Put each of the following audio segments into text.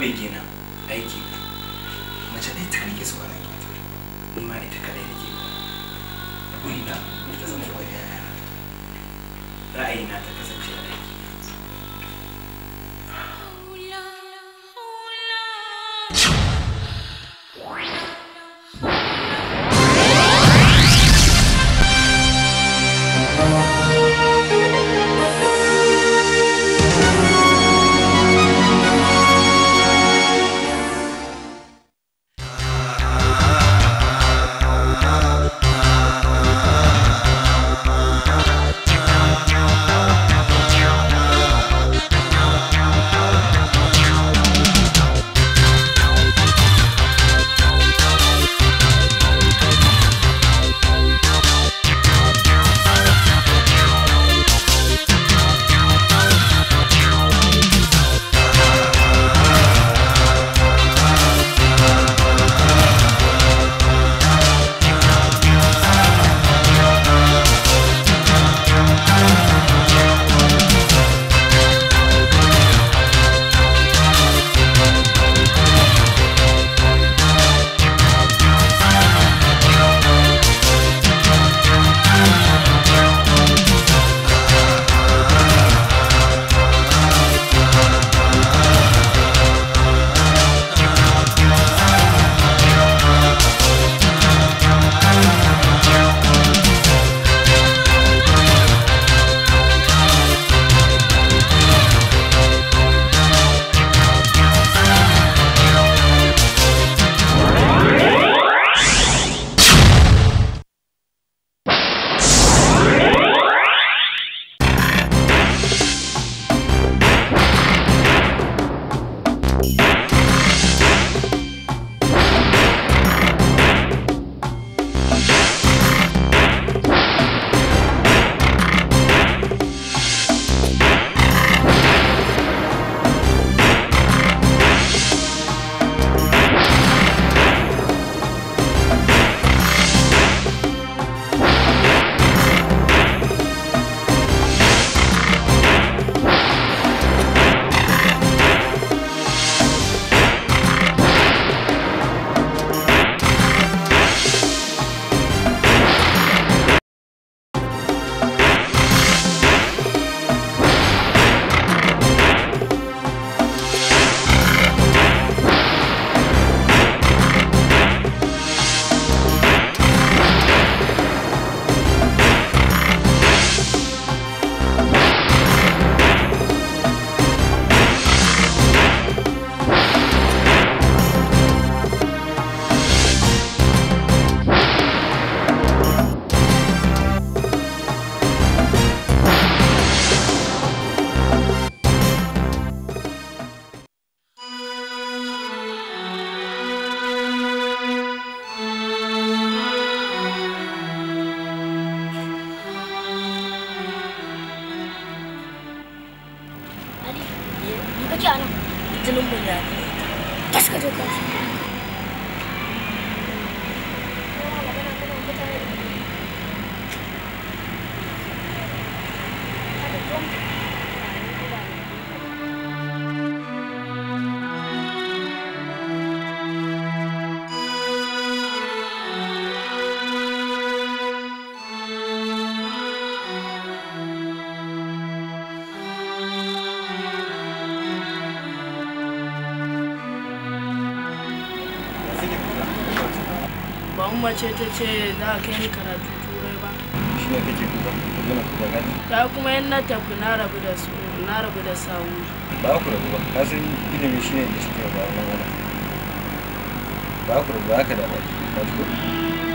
me kenan aiki ne mace ɗaya ta rike suwa rage ni ma ita da guri na ta zama da ra'ayi na ta kasance umma ce ta ce za a kai ni karatu turai ba shi ne kake kuka magana ku daga ta kuma yan na tafi na rabu da su na rabu da sawu ba ku rabu ba ka san ilimi shi ne da suke ba wani ba ku rabu haka da ba ka ji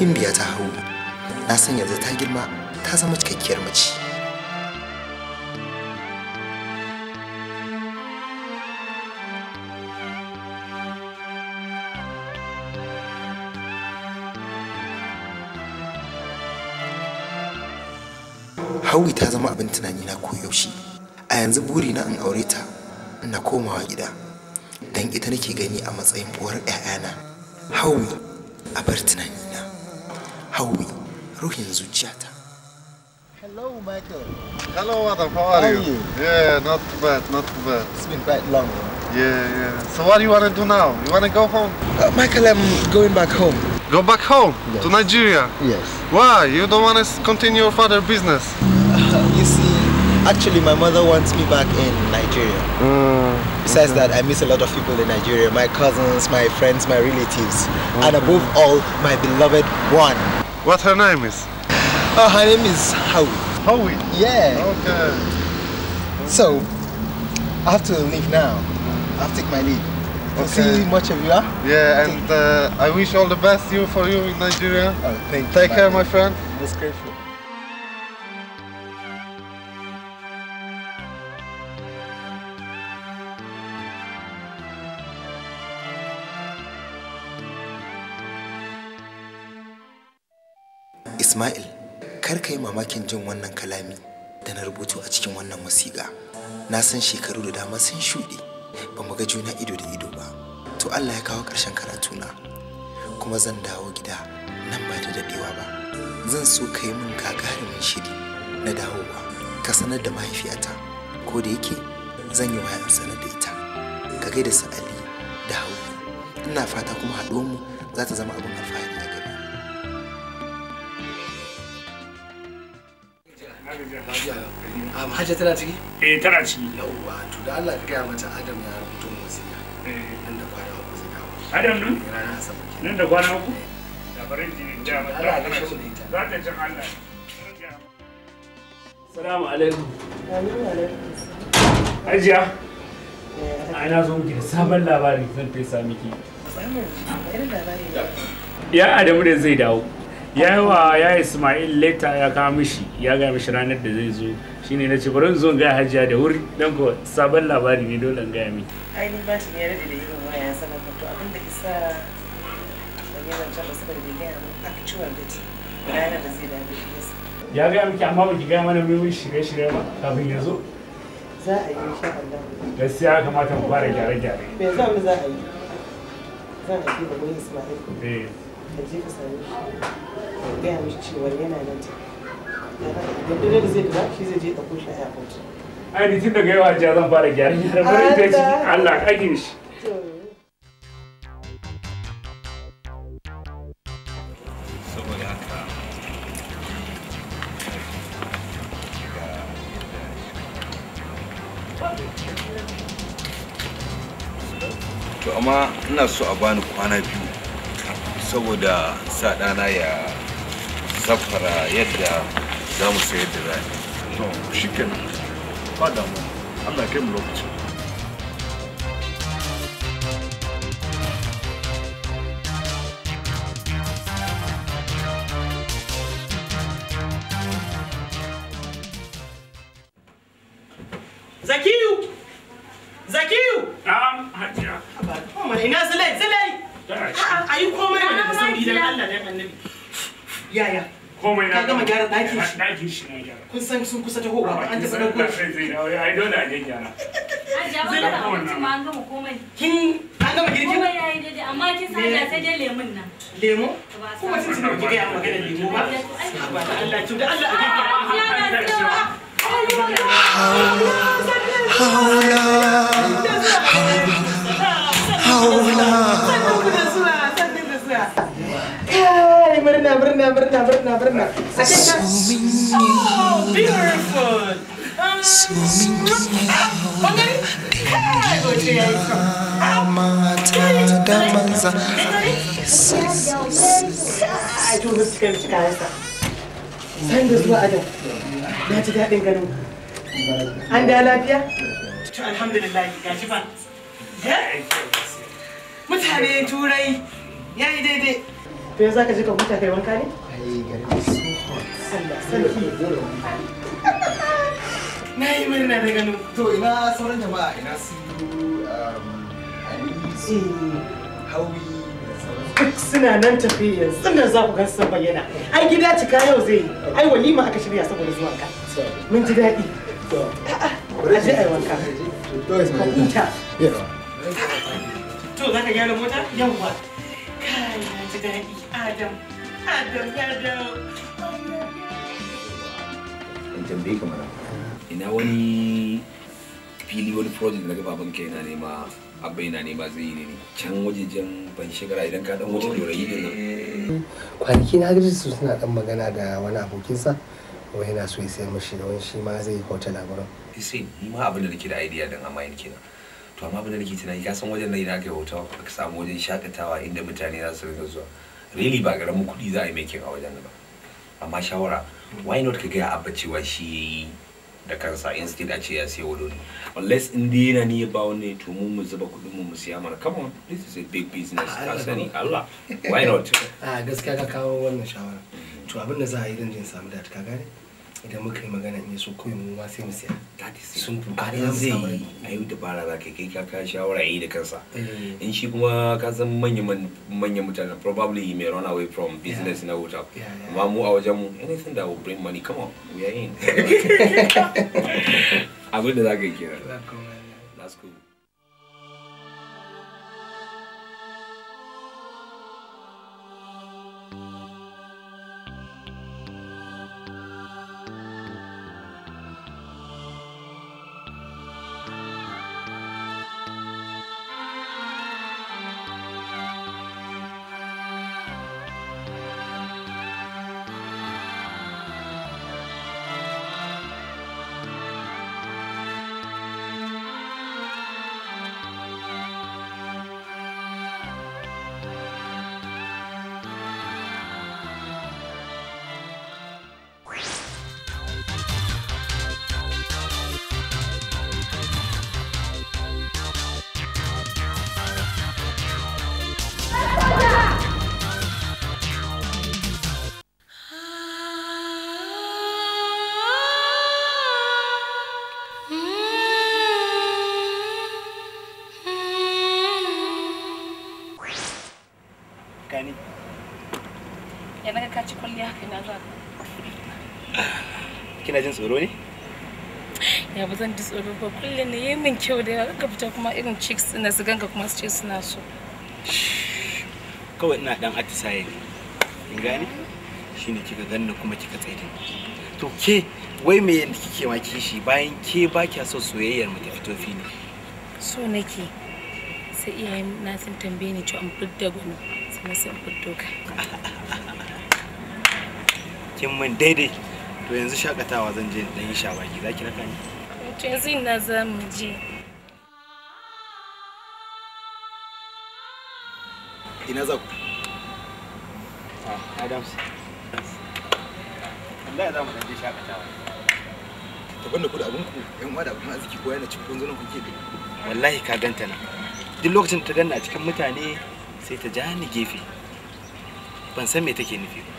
cikin biya ta hau na san yanzu ta girma ta zama cikakkiyar mace Hawi ta zama abin tunani na koyaushe a yanzu burina in aure ta na komawa gida don ita nake gani a matsayin uwar 'ya'yana Hawi a bar tunani Hawi, Ruhin Zuchata. Hello, Michael. Hello, Adam. How are, How you? you? Yeah, not too bad, not too bad. It's been quite long. Though. Yeah, yeah. So what do you want to do now? You want to go home? Uh, Michael, I'm going back home. Go back home? Yes. To Nigeria? Yes. Why? You don't want to continue your father business? Uh, you see, actually, my mother wants me back in Nigeria. Mm, Besides okay. that, I miss a lot of people in Nigeria my cousins, my friends, my relatives, okay. and above all, my beloved one. What her name is? Oh, her name is Howie. Howie? Yeah. Okay. So, I have to leave now. I have to take my leave. Okay. see much of you, huh? Yeah, and uh, I wish all the best you for you in Nigeria. Oh, thank Take care, my friend. That's grateful. Ismail, kar ka yi mamakin jin wannan kalami da na rubutu a cikin wannan wasiƙa. Na san shekaru da dama sun shuɗe, ba mu ga juna ido da ido ba. To Allah ya kawo ƙarshen karatu na kuma zan dawo gida nan ba da daɗewa ba. Zan so ka yi min gagarumin shiri na dawowa, ka sanar da mahaifiyata, ko da yake zan yi wayan sanar da ita. Ka gaida sa'ali da hauwa. Ina fata kuma haɗuwanmu za ta zama abin alfahari. hajja tana ciki? eh tana ciki yawwa to da Allah ka gaya mata adam ya rubuto wasiya eh. nan da kwana uku zai kawo adam nan eh, ranar nan da kwana uku eh. da barin jini da mata za ta Allah alaikum. zo miki da sabon labari zan fesa miki. Ya Adamu da zai dawo. ya yi ya ismail leta ya kawo mishi ya gaya mishi ranar da zai zo shine na ce bari zo gaya hajiya da wuri don ko sabon labari ne dole in gaya mi ai ni ba shi ne rabi da irin waya sama ka to abin da isa da ne zancen ba saboda bai gaya min actual da ranar da zai dawo shi ya gaya miki amma ba ki gaya mana mai shirye-shirye ba kafin ya zo za a yi insha Allah gaskiya kamata mu fara gyare-gyare me za mu za a yi za a yi da gurin Ismail eh. ka je ka same shi ka gaya mishi cewa yana nan ta idan da zai da shi zai je ɗauko shi a airport ai tun daga yawa jiya zan fara gyara gyara bari ta ci Allah kage shi saboda to amma ina so a bani kwana biyu saboda sa ɗana ya safara yadda za mu sayar da za to shi kenan ba damu allah ke mu lokacin zakiyu. yaya komai na gama gyara ɗakin shi shi na gyara kun san sun kusa tahowa ba an taɓa ɗauko shi ai dole a je gyara zai na an gama komai kin an gama girki komai yayi daidai amma kin da sai dai nan lemo kuma sun tuna ki a magana lemo ba ba da Allah ki da Allah a hola, hola, hola, hola Kai, berenang, berenang, berenang, berenang, berenang. Sakit kan? Oh, and Um, Hungary? Kai, okay. Kai, to muskan sekali sa. Sai da zuwa adam. Na ji daɗin ganin. An da alhamdulillah ya yi daidai to ya zaka je ka huta kai wanka ne ai na yi murna da ganin to ina sauran jama'a ina su duk suna nan tafi yanzu nan za ku gan bayyana ai gida cika yau zai yi ai walima aka shirya saboda zuwan ka mun ji daɗi a je wanka to za ka gyara mota yawwa Kai, na ji daɗi. Adam, Adam ya dawo. Ban tambaye ka mana. Ina wani fili wani project daga baban kai na nema abba na nema zai yi ne can wajejen ban shekara idan ka dan wuce dorayi din nan. Kwanaki na gaji su suna dan magana da wani abokinsa. Wai yana so ya sayar mashi da wani shi ma zai yi hotel a gurin. Sai ni ma abin da nake da idea din amma yanke na. to amma abin da nake tunani ka san wajen nan idan aka yi hoton aka samu wajen shakatawa inda mutane za su rinka zuwa really ba karamin kuɗi za a yi making a wajen ba amma shawara why not ka gaya abba cewa shi ya yi da kansa instead a ce ya siya wadoni unless in dai yana ni ba wani to mu mu zuba kuɗin mu mu siya mana come on this is a big business ah, ka sani Allah why not a ah, gaskiya ka kawo wannan shawara to abin da za a yi din jin samu da ka gane idan muka yi magana ne so kawai mu ma sai mu siya sun fuka ne zai yi a yi dabara za ka kai ka ka shawara yi da kansa eh. in shi kuma ka san manya mutane probably he may run away from business na wuta amma mu a wajen mu anything that will bring money come on we are in abin da za ka yi kenan that's cool ina za kina jin tsoro ne ya ba zan ji tsoro ba kullum ne yayi min kyau da ka fita kuma irin chicks na su ganka kuma su ce suna so kawai ina dan atisaye ne kin gane shine kika ganna kuma kika tsaye to ke wai me kike ma kishi bayan ke ba kya so soyayyar mu ta fito fili so nake sai iyayen na sun tambaye ni to an fidda gwani sai na san fiddo ka kin min daidai to yanzu shakatawa zan je dan yi za zaki raka ni to yanzu ina za mu je ina za ku ah adams Allah za mu je shakatawa ta banda ku da abun ku yan uwa da abun arziki ko yana cikin kunzunan ku ke wallahi ka ganta na duk lokacin ta ganna a cikin mutane sai ta ja ni gefe ban san me take nufi ba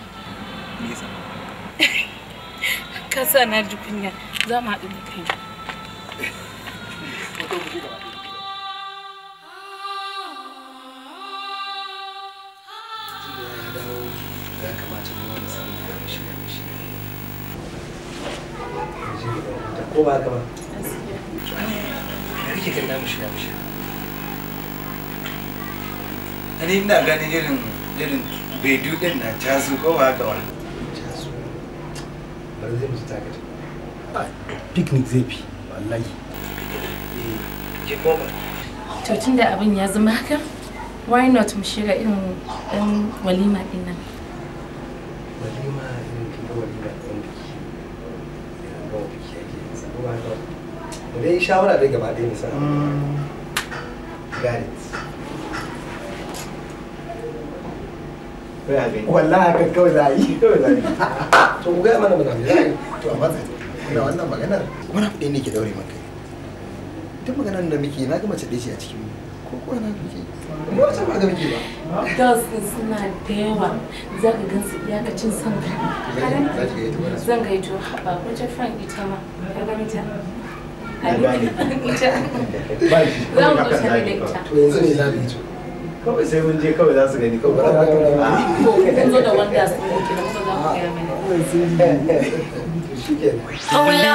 me yasa ka na ji kunya za mu haɗu da kai ko ba haka ba ina ganin irin bedu din na tasu ko ba haka ba da zai musu target picnic zai fi wallahi eh, to tun da abin ya zama haka why not mu irin walima nan walima walima ba mu dai shawara dai gaba ɗaya mm. yi to ku gaya mana mana to amma kuna wannan maganar wani abu ne ke daure maka duk maganar da muke na ga mace ɗaya ce a cikin ko kuwa na muke mu wace ba ga muke ba girls din suna da yawa za ka gan su iyakacin son ka zan gaito ba wajen frank ita ma ka ga mita Ba shi. Za mu kusa da ita. To yanzu ne za mu yi kawai sai mun je kawai za su gani kawai ba za zo da wanda su ke mana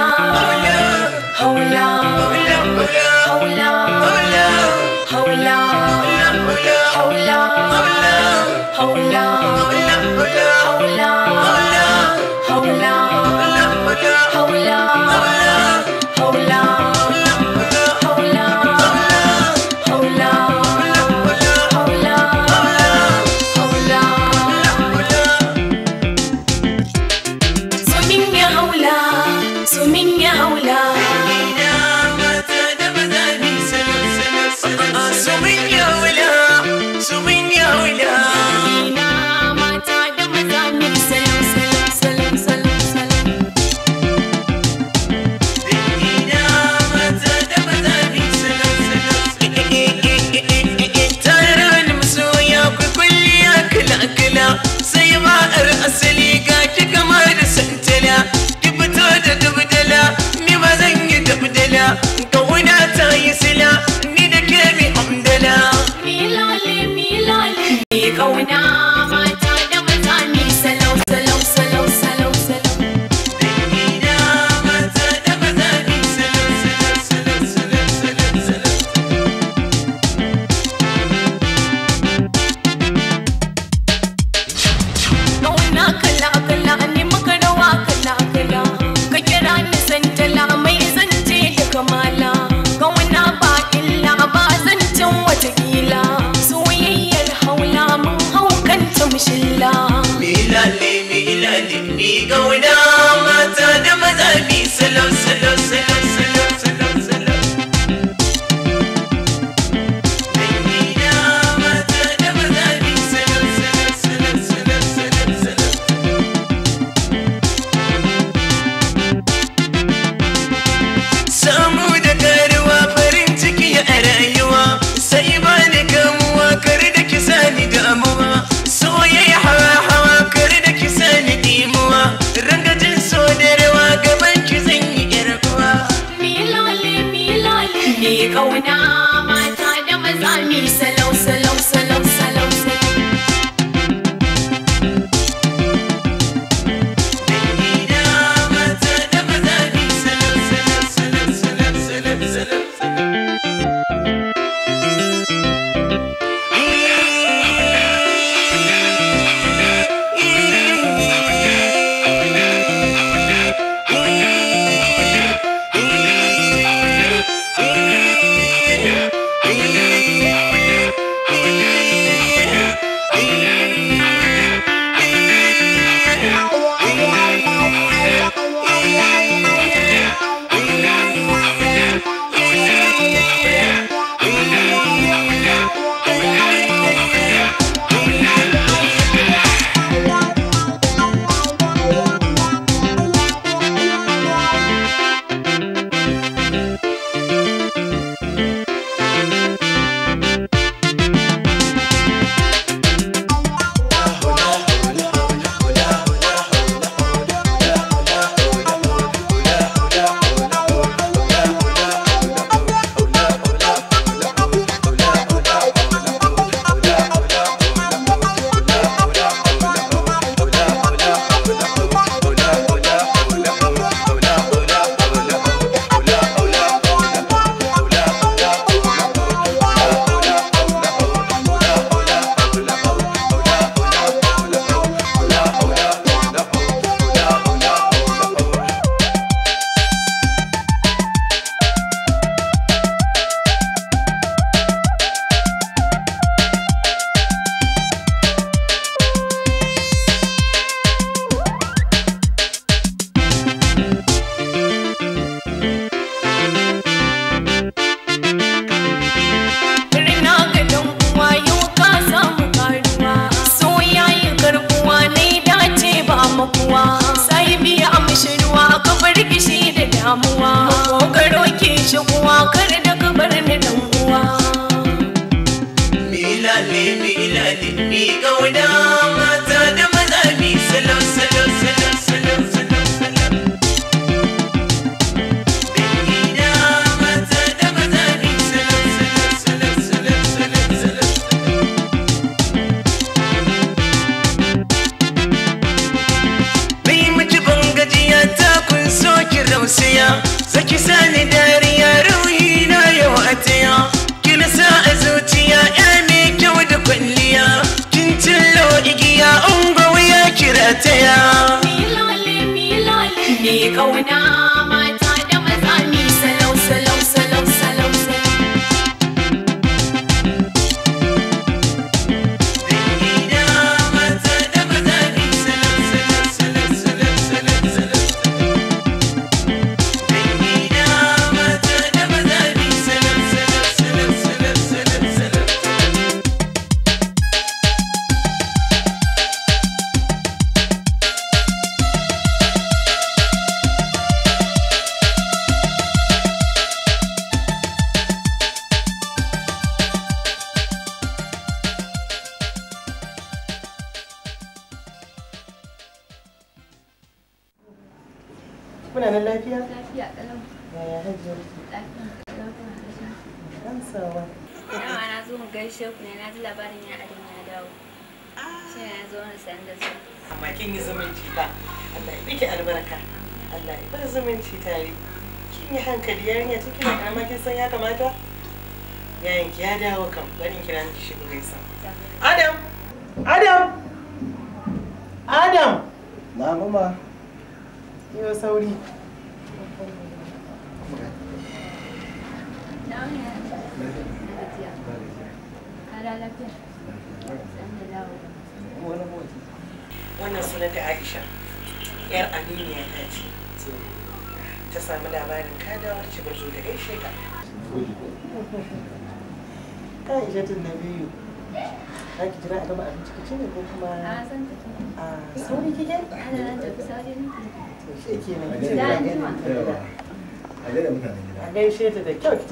gaishe da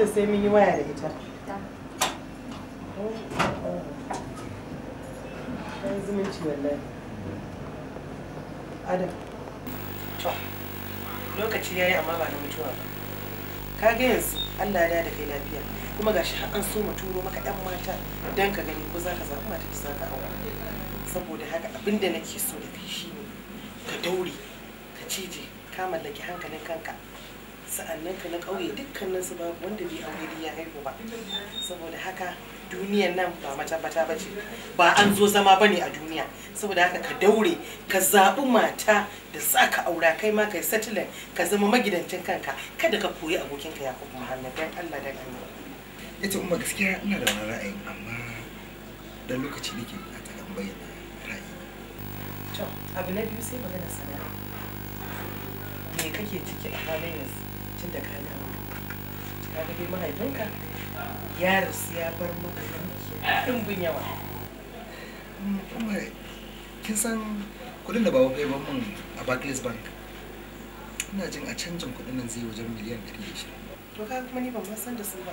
sai mun yi waya da na mutuwa ka ga yanzu allah ya da kai lafiya kuma gashi an so mu turo maka yan mata don ka gani ko za ka zaɓi mata ki za haka abin da nake so da kai ne ka daure ka cije ka mallaki hankalin kanka sa'annan ka na ƙauye dukkanin su ba wanda bai aure ya haihu ba saboda haka duniyan nan ba matabata ba ce ba an zo zama ba ne a duniya saboda haka ka daure ka zaɓi mata da za ka aura kai ma kai satilan ka zama magidancin kanka kada ka koyi abokinka ya kuma muhammad dan allah dan allah ita kuma gaskiya ina da wani ra'ayi amma da lokaci nake bukata kan bayyana ra'ayi to abu na biyu sai magana sana'a me kake ciki a halin yanzu lokacin da ka dawo ka ga mahaifinka ya rasu ya bar maka mm, kin san kuɗin da baba bai ban mun a Barclays Bank ina jin a canjin kuɗin nan zai wajen miliyan shi. to ka kuma ni ban san da su ba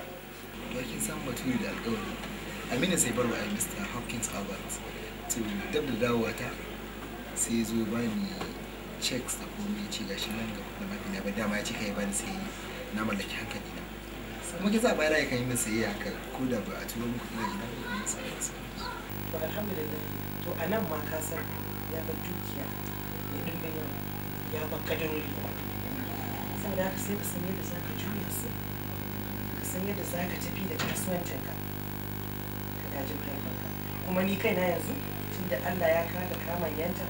to kin san da alƙawari Aminu sai barwa a Mr. Hawkins Albert to dabda dawowa ta sai zo bani checks da kuma mai ce gashi nan ga kuma mafi na ba dama ya ci kai ban sai na mallaki hankali na kuma kisa bayar da kan yi min sayayya haka ko da ba a turo min kuɗi na gida ba kuma sai to alhamdulillah to a nan ma ka san ya bar dukiya ya dinga yau ya bar kadarori saboda haka sai ka san yadda za ka juya su ka san yadda za ka tafi da kasuwancinka ka gaji mahaifinka kuma ni kaina yanzu tunda Allah ya kada kamanyanta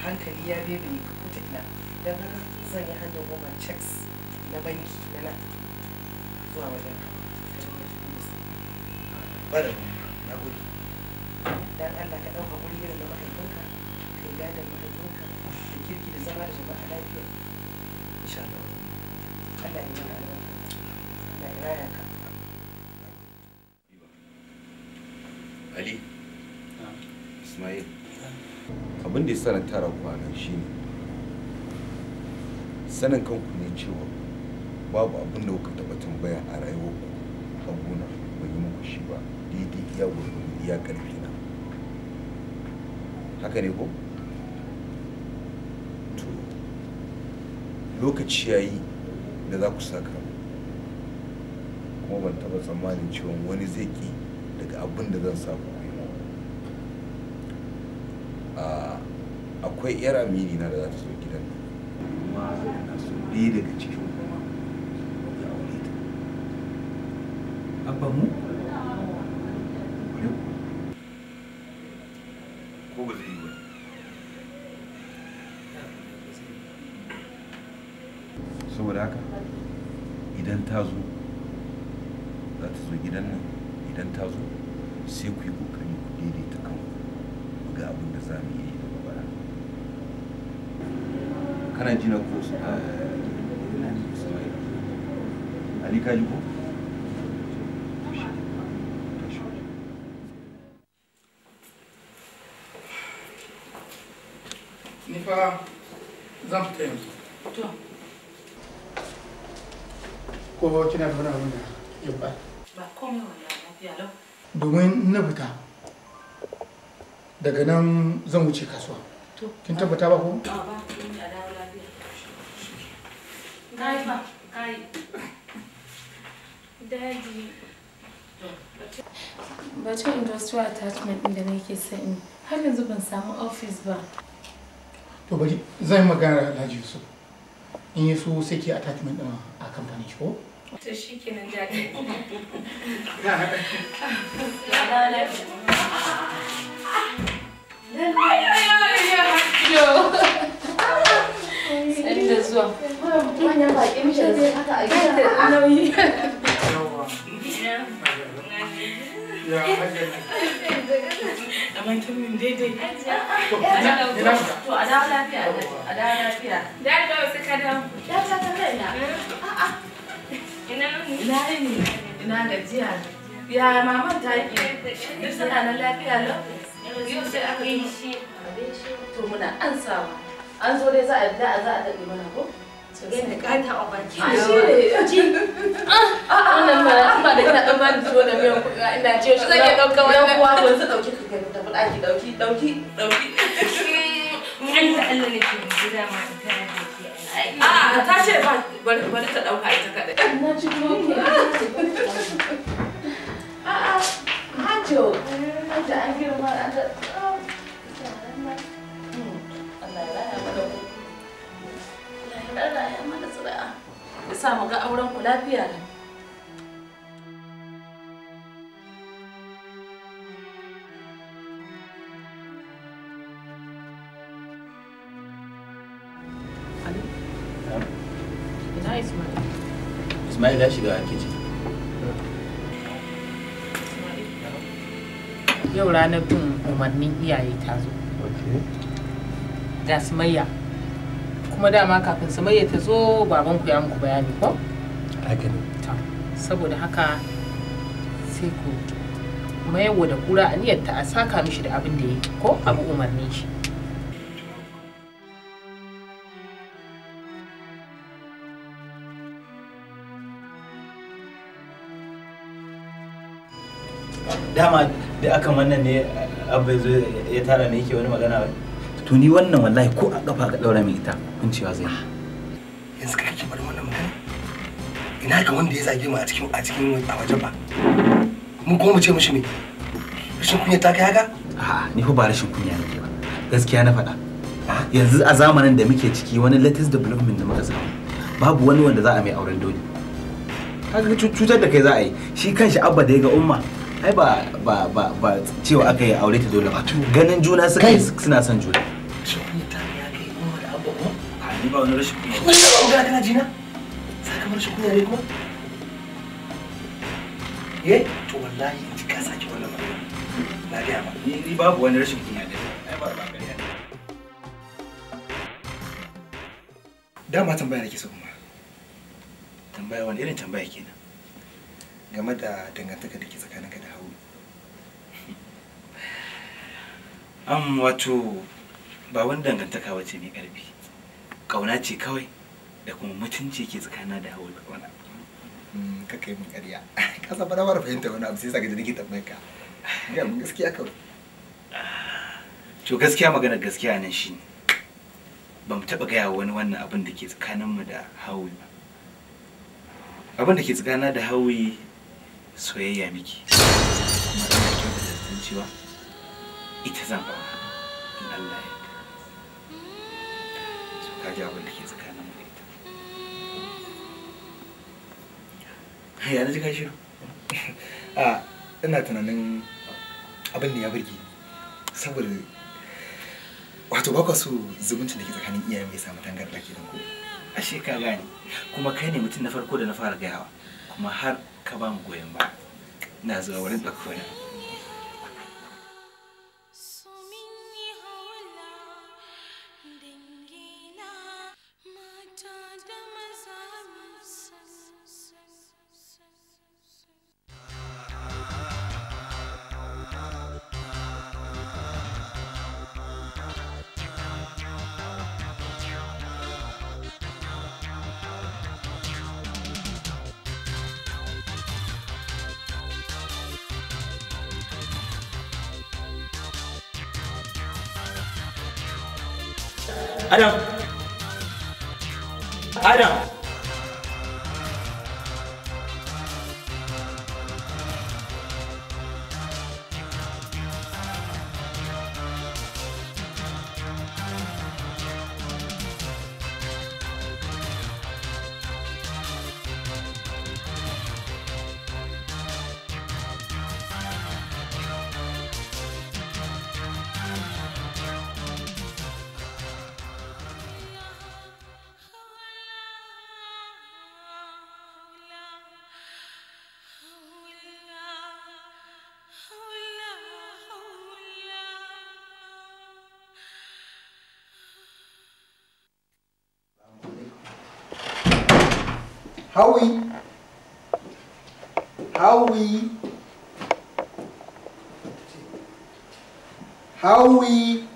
hankali ya bebe fitina don haka zan yi hannun goma checks na banki na nan zuwa wajen bada na gode dan Allah ka ɗauka wuri irin da mahaifinka kai gadon mahaifinka da kirki da zama da jama'a lafiya insha Allah Allah ya yi albarka Allah ya raya ka Ali Ismail abin da ya sanar na tara kwanan ne. sanin kanku ne cewa babu abin da kuka taɓa tambaya a rayuwarku a gona ban yi muku shi ba daidai iya gurgurin iya ƙarfi na haka ne ko to lokaci yayi da za ku saka kuma ban taɓa tsammanin cewa wani zai ƙi daga abin da zan samu ah, akwai yar amini na da za ta zo gidan ɗaya daga cikin kuma ya aure ta abba mu ko ba zai yi ba saboda haka idan ta zo za ta zo gidan nan idan ta zo sai ku yi kokari ku daidaita ga abin da za mu yi kana jina ko eh, ali ka ko ni fa zan fita yanzu to ko kina da wani abin da ya ba ba komai wallahi lafiya lau domin na fita daga nan zan wuce kasuwa kin tabbata ba ko? ba ba kin da dawo lafiya kai ba kai daji batun industrial attachment din da nake sani har yanzu ban samu office ba to bari zan magana da alhaji yusuf in yi so sai ke attachment din a kamfanin shi ko to shi ke nan jaɗi Sani da zuwa. Manyan da shi haka a gida. Nauyi. Ya hajjar. Da mai tumin daidai. a dawo lafiya Da da ta ta eh. Ina ne? Ina Ya maman ta ki. Duk suna lafiya lau. Yau sai aka yi an zo dai za a da za a daɗe Again, the guy da a a bani da miyan kuka ina ce shi A'a ta A'a Hajo. Ala ya mana tsira'a. Ya ga auren ku lafiya Ismail ya shiga kicin. Yau ranar bin umarnin iyaye ta zo. Ga Sumayya. kuma dama kafin samayya ta zo baban ku ya muku bayani ko haka ne saboda haka sai ku mayarwa da kura a ta a saka mishi da abin da yake ko abu umarni shi dama da aka wannan ne abu ya tara ne yake wani magana to ni wannan wallahi ko a kafa ka daura mai ita kun cewa zai yanzu kake kimar wannan magana eh? ina ga wanda ya zage mu a cikin a cikin a waje ba mu kuma mu ce mishi ne rashin kunya ta kaya ga a ni fa ba rashin kunya ke ba gaskiya na faɗa yanzu a zamanin da muke ciki wani latest development da muka samu babu wani wanda za a mai auren dole kaga cutar da kai za a yi shi kanshi abba da ya ga umma ai ba ba ba cewa aka yi aure ta dole ba ganin juna suka suna son juna wani rashin kunya. ne kuma? To ولا in ji ka sake wannan magana. ba. Ni rashin kunya ne. Dama tambaya nake so kuma. Tambaya wani irin tambaya kenan. game da dangantaka da ke tsakaninka da haulu am wato ba wani dangantaka wace mai karfi kauna ce kawai da kuma mutunci ke tsakanin da hawa da mm, kauna ka kai mun ƙarya ka saba da mara fahimta wani abu sai sa gaji nake tabbai ka ga mun gaskiya kawai to gaskiya magana gaskiya nan shi ba mu taɓa gaya wani wannan abin da ke tsakaninmu da hawa ba abin da ke tsakanina da hawa soyayya miki kuma ina kyautar da cewa ita zan ba Allah ya ka ji abin da ke tsakanin mu da ita ji a ina tunanin abin da ya burge saboda wato ba so zumuncin da ke tsakanin iyaye mai samu tangarda ke ku ashe ka gane kuma kai ne mutum na farko da na fara gayawa kuma har ka ba mu goyon ba na zuwa wurin ɗauko ne 아령 아령 how we how we how we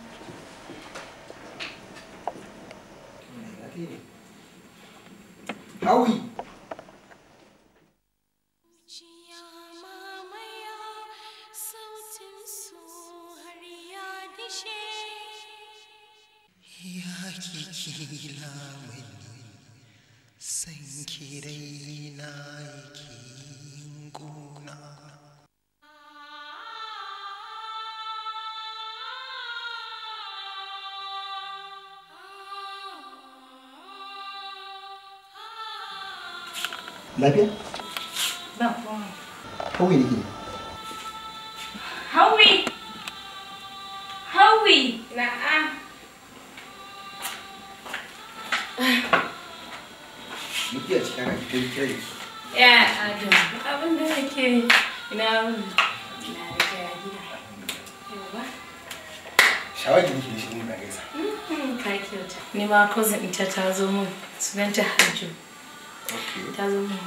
Lafiya? Ba kuma. Hawi nake. Hawi! Hawi! Na'am. Muke a cikin kai kai. Ya, Adam, abin da nake ina wuni. da Shawagi nake shi ne ba gaisa. Mm-hmm, Ni ma cousin ita ta zo mun sunanta Hajjo. doesn't mean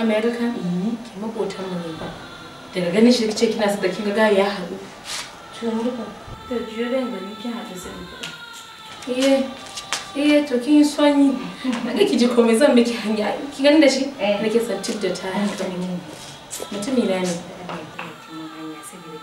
America? Mm. Ke makotan mu ne. Daga ganin shi kace kina son da kin ga ya haɗu. To rufa. To jiyo dan gani kin haɗu sai mu. Eh. Eh to kin sonyi. Daga kiji komai zan miki hanya. Ki gani da shi? Eh. Nake son tip da ta. Mutumi na ne.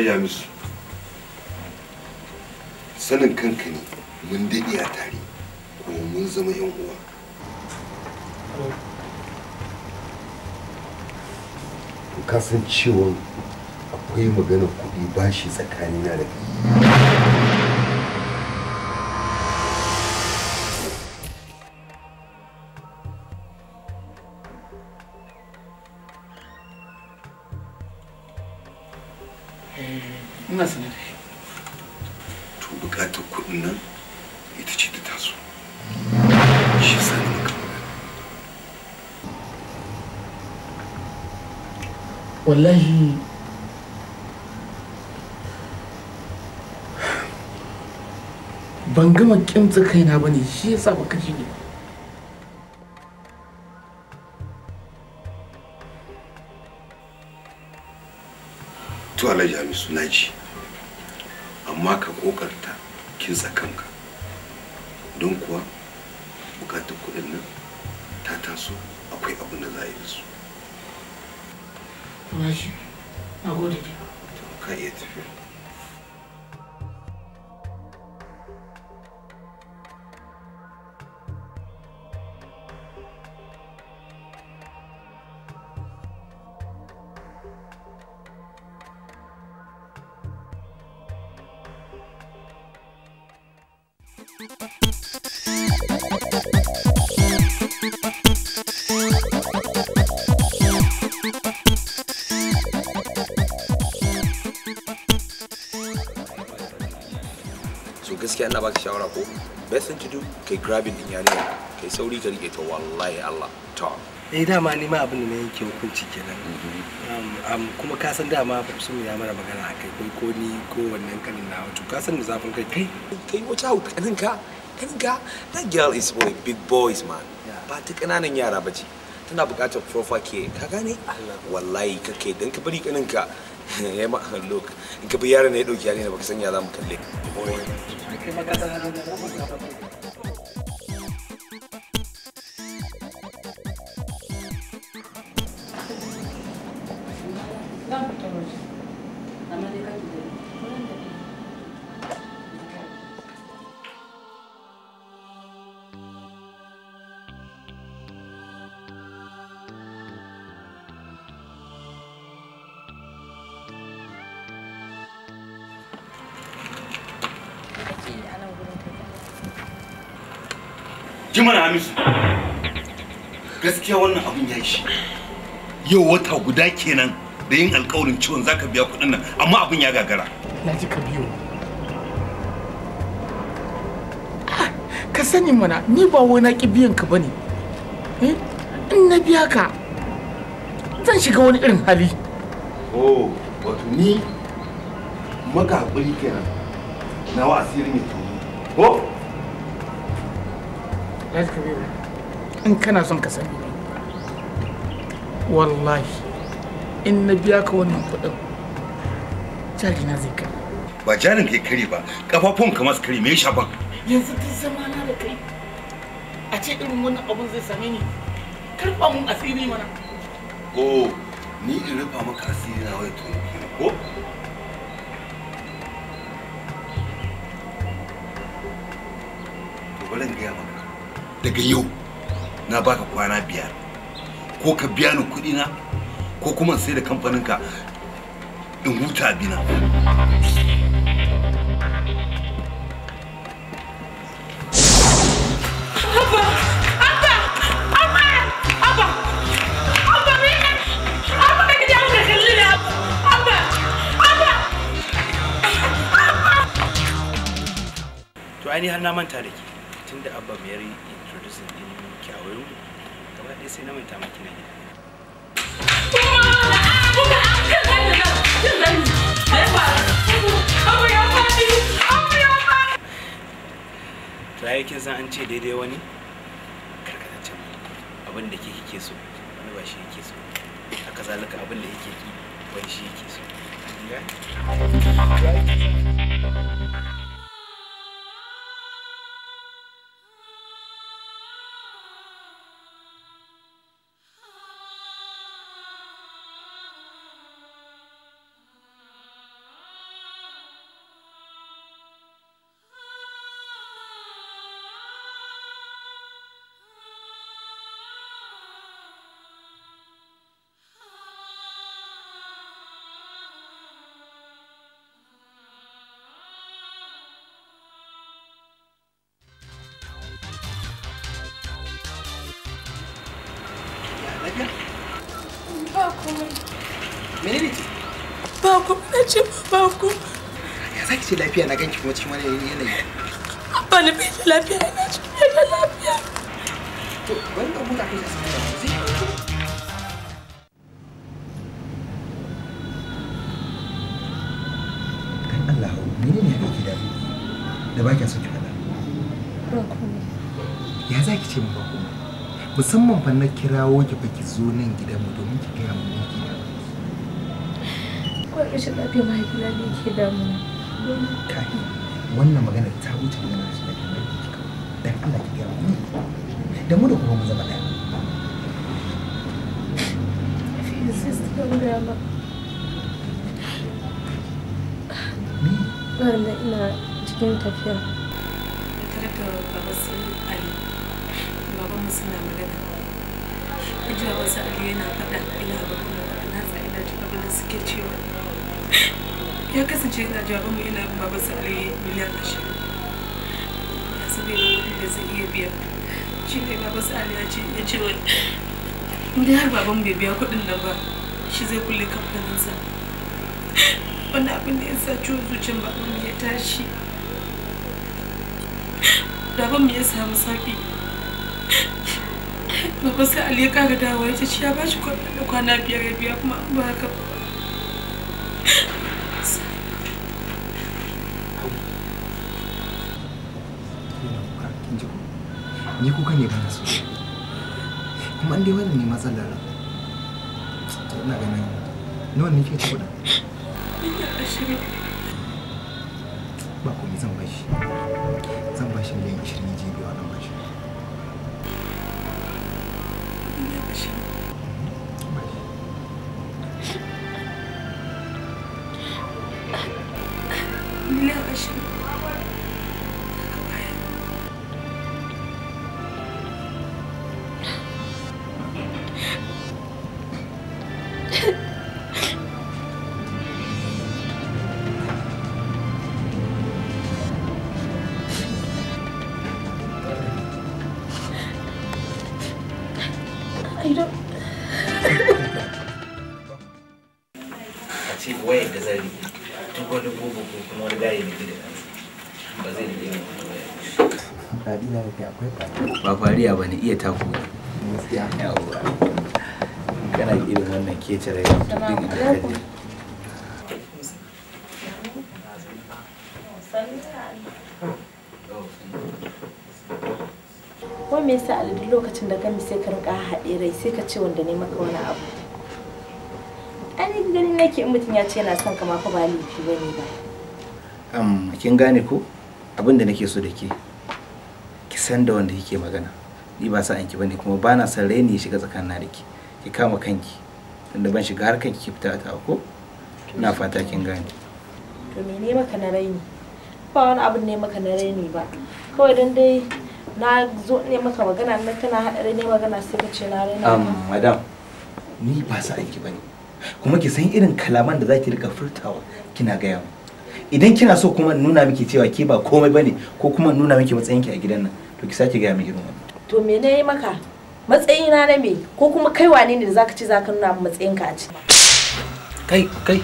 Hajiya Misu. Sanin kanka ne mun daɗe a tare ko mun zama 'yan uwa. Kasancewa akwai maganar kuɗi bashi tsakanina da kai. wallahi ban gama kimtsa kaina ba ne shi yasa ba kashe ne to alhaji suna ji amma ka kokarta kintsa kanka don kuwa gaskiya ina baka shawara ko best thing to do kai grabbing din yarinya kai sauri ka rike ta wallahi Allah to eh dama ni ma abin da na yanke hukunci kenan um, kuma ka san dama sun ya mara magana a kai ko ni ko wannan kanin na wato ka san da zafin kai kai kai wata hau kanin ka kanin ka that girl is boy big boys man ba ta kananan yara ba ce tana buƙatar proper care ka gane wallahi kake dan ka bari kanin ka ya ma look in ka bi yaran ne ya dauki yaran ne baka san ya za mu kalle gaskiya wannan abun ya shi yau wata guda kenan da yin alkawarin ciwon zaka biya kuɗin nan amma abun ya gagara na ji ka biyo ka sani mana ni ba wai na ki biyan ka bane eh, in na biya ka zan shiga wani irin hali oh wato ni maka hakuri kenan nawa asirin ya tuni ko Let's go. in kana son ka sani wallahi in na biya ka wannan kuɗin jari na zai kai ba jarin kai kare ba kafafun kamar su kare me ya shafa yanzu duk zama na da kai a ce irin wannan abun zai same ni karfa mun asiri mana Ko ni in rufa maka asiri na wai to ko to bari in gaya maka daga yau na baka kwana biyar ko ka biya ni kuɗi na ko kuma sai da kamfanin ka in huta bina To ainihin har na manta da ke tunda abba mai introducing din kyawun gaba ɗaya sai na manta maki na gida Raye kin san an ce daidai wani karkataccen abin da ke kike so wani ba shi yake so haka zalika abin da yake ki wani shi yake so. ce ba ku. Ya zaki ce lafiya na ganki kuma cikin wani yanayi. Ba na bai lafiya ina cikin da lafiya. To wani abu ni kake zai Allah mene ne ya dauki da da ba kya so ki faɗa. Ya za ki ce mu ba kuma Musamman fa na kirawo ki fa ki zo nan gidanmu domin ki gaya mun ki rashin lafiyar mahaifina ne ke damuna kai wannan magana ta wuce magana rashin lafiyar mahaifina dan Allah ki gaya mu da mu da kuma mu zama ɗaya. Wanda ina cikin tafiya. Tare da su Ali, babanmu suna magana. Ajiya wasu Ali yana faɗa ila ba na tsaye da abin da suke cewa. ya kasance ina jaban mu ina baba sale miliyan ashirin ya saboda kuɗin da zai iya biya shi ne baba sale ya ce ya ce wa inda har baban bai biya kuɗin nan ba shi zai kulle kamfaninsa wani abin da ya sa ciwon zuciyar baban ya tashi baban mu ya samu sauki baba sale ya kara dawowa ya ce shi ya bashi kuɗin da kwana biyar ya biya kuma an ba haka ba ni kuka ne bana su? kuma an dai ne matsala to ina ganin nawa ne ke ta kuɗa ba komai zan bashi zan bashi miliyan ashirin ya je biyu a nan bashi Mariya ba ne iya taku ba Kana irin wannan kece rai duk inda ka je. Wai me yasa aladu lokacin da gami sai ka rinka haɗe rai sai ka ce wanda ne maka wani abu. Ai ganin nake in mutum ya ce yana son ka ma fa ba laifi bane ba. Um, kin gane ko abin da nake so da ke ki san da wanda kike magana ni ba sa anki bane kuma ba na son raini ya shiga tsakanin na ki ki kama kanki tunda ban shiga harkan ki fita ta ko ina fata kin gane to me ne maka na raini ba wani abu ne maka na raini ba kawai dan dai na zo ne maka magana nan tana haɗa ne magana sai ka ce na raini. um madam ni ba sa anki bane kuma ki san irin kalaman da zaki rika furtawa kina gaya mu idan kina so kuma nuna miki cewa ke ba komai bane ko kuma nuna miki matsayinki a gidan nan to ki sake gaya miki irin to me ne maka matsayina na me ko kuma kai wane ne da zaka ce zaka nuna matsayinka a ciki kai kai eh,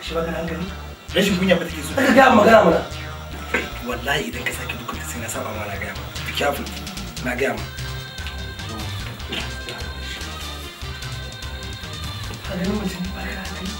shi ba hankali rashin kunya ba take so ka ga magana mana wallahi idan ka sake dukkan sai na saba ma na ga ma be careful na ga ma ka ga mutum ba ka hankali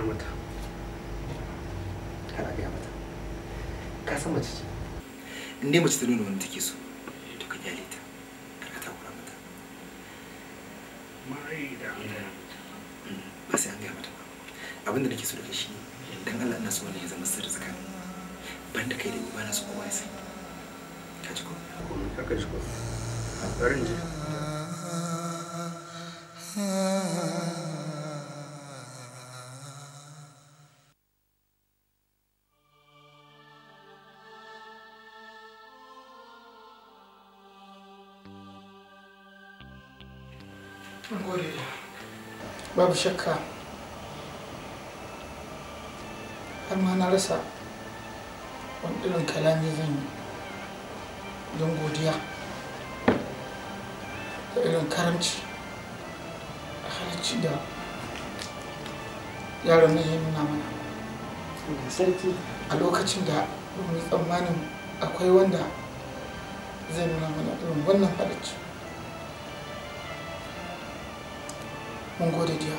gaya mata kar gaya mata ka san mace ce in dai mace ta nuna wanda take so babu shakka har na rasa wani irin kalami zan yi don godiya da irin karamci a halicci da yaron na yin nuna mana a lokacin da mu tsammanin akwai wanda zai nuna mana irin wannan halicci mun gode diya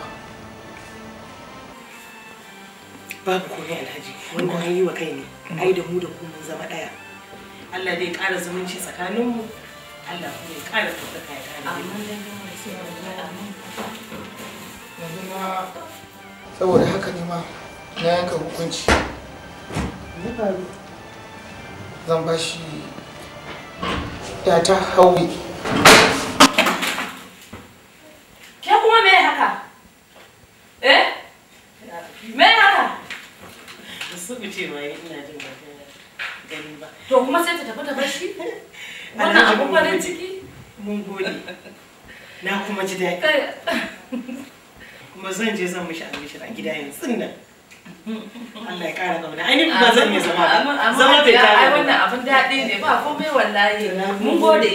babu komai alhaji wanda an yi wa kai ne ai da mu da ku mun zama daya Allah zai ƙara zumunci tsakanin mu. Allah kuma ya ƙara tabbata ya ƙara yanzu ma saboda haka ne ma na yanka hukunci zan ba shi ya ta hawi daɗi kuma zan je zan mishi admission a gida yanzu nan Allah ya kara kauna ainihin ba zan yi zama zama bai kara ai wannan abin daɗi ne ba komai wallahi mun gode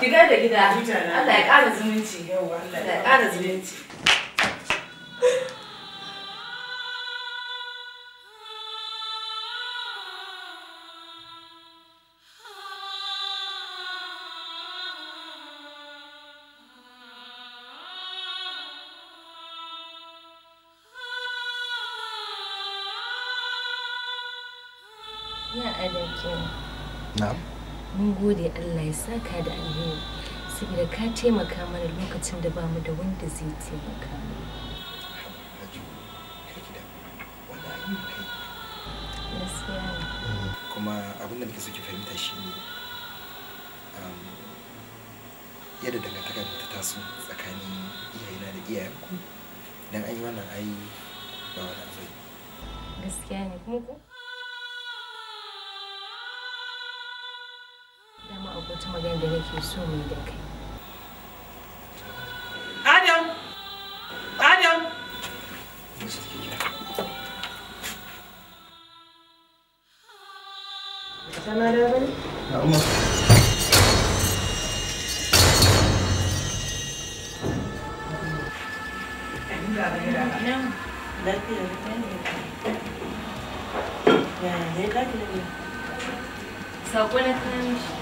ki ga da gida Allah ya ƙara zumunci Allah ya ƙara zumunci saka da alheri saboda ka taimaka mana lokacin da bamu da wanda zai taimaka kuma abin da nake so ki fahimta ne um, yadda dangantaka ta taso tsakanin iyayena da iyayenku idan an yi wannan ai ba wani abu gaskiya ne kuma Dama akwai magana da so mu da kai. Adam! Adam! Sana da bane? Lafiya ta ne. Ya, ne ne. na kanan shi.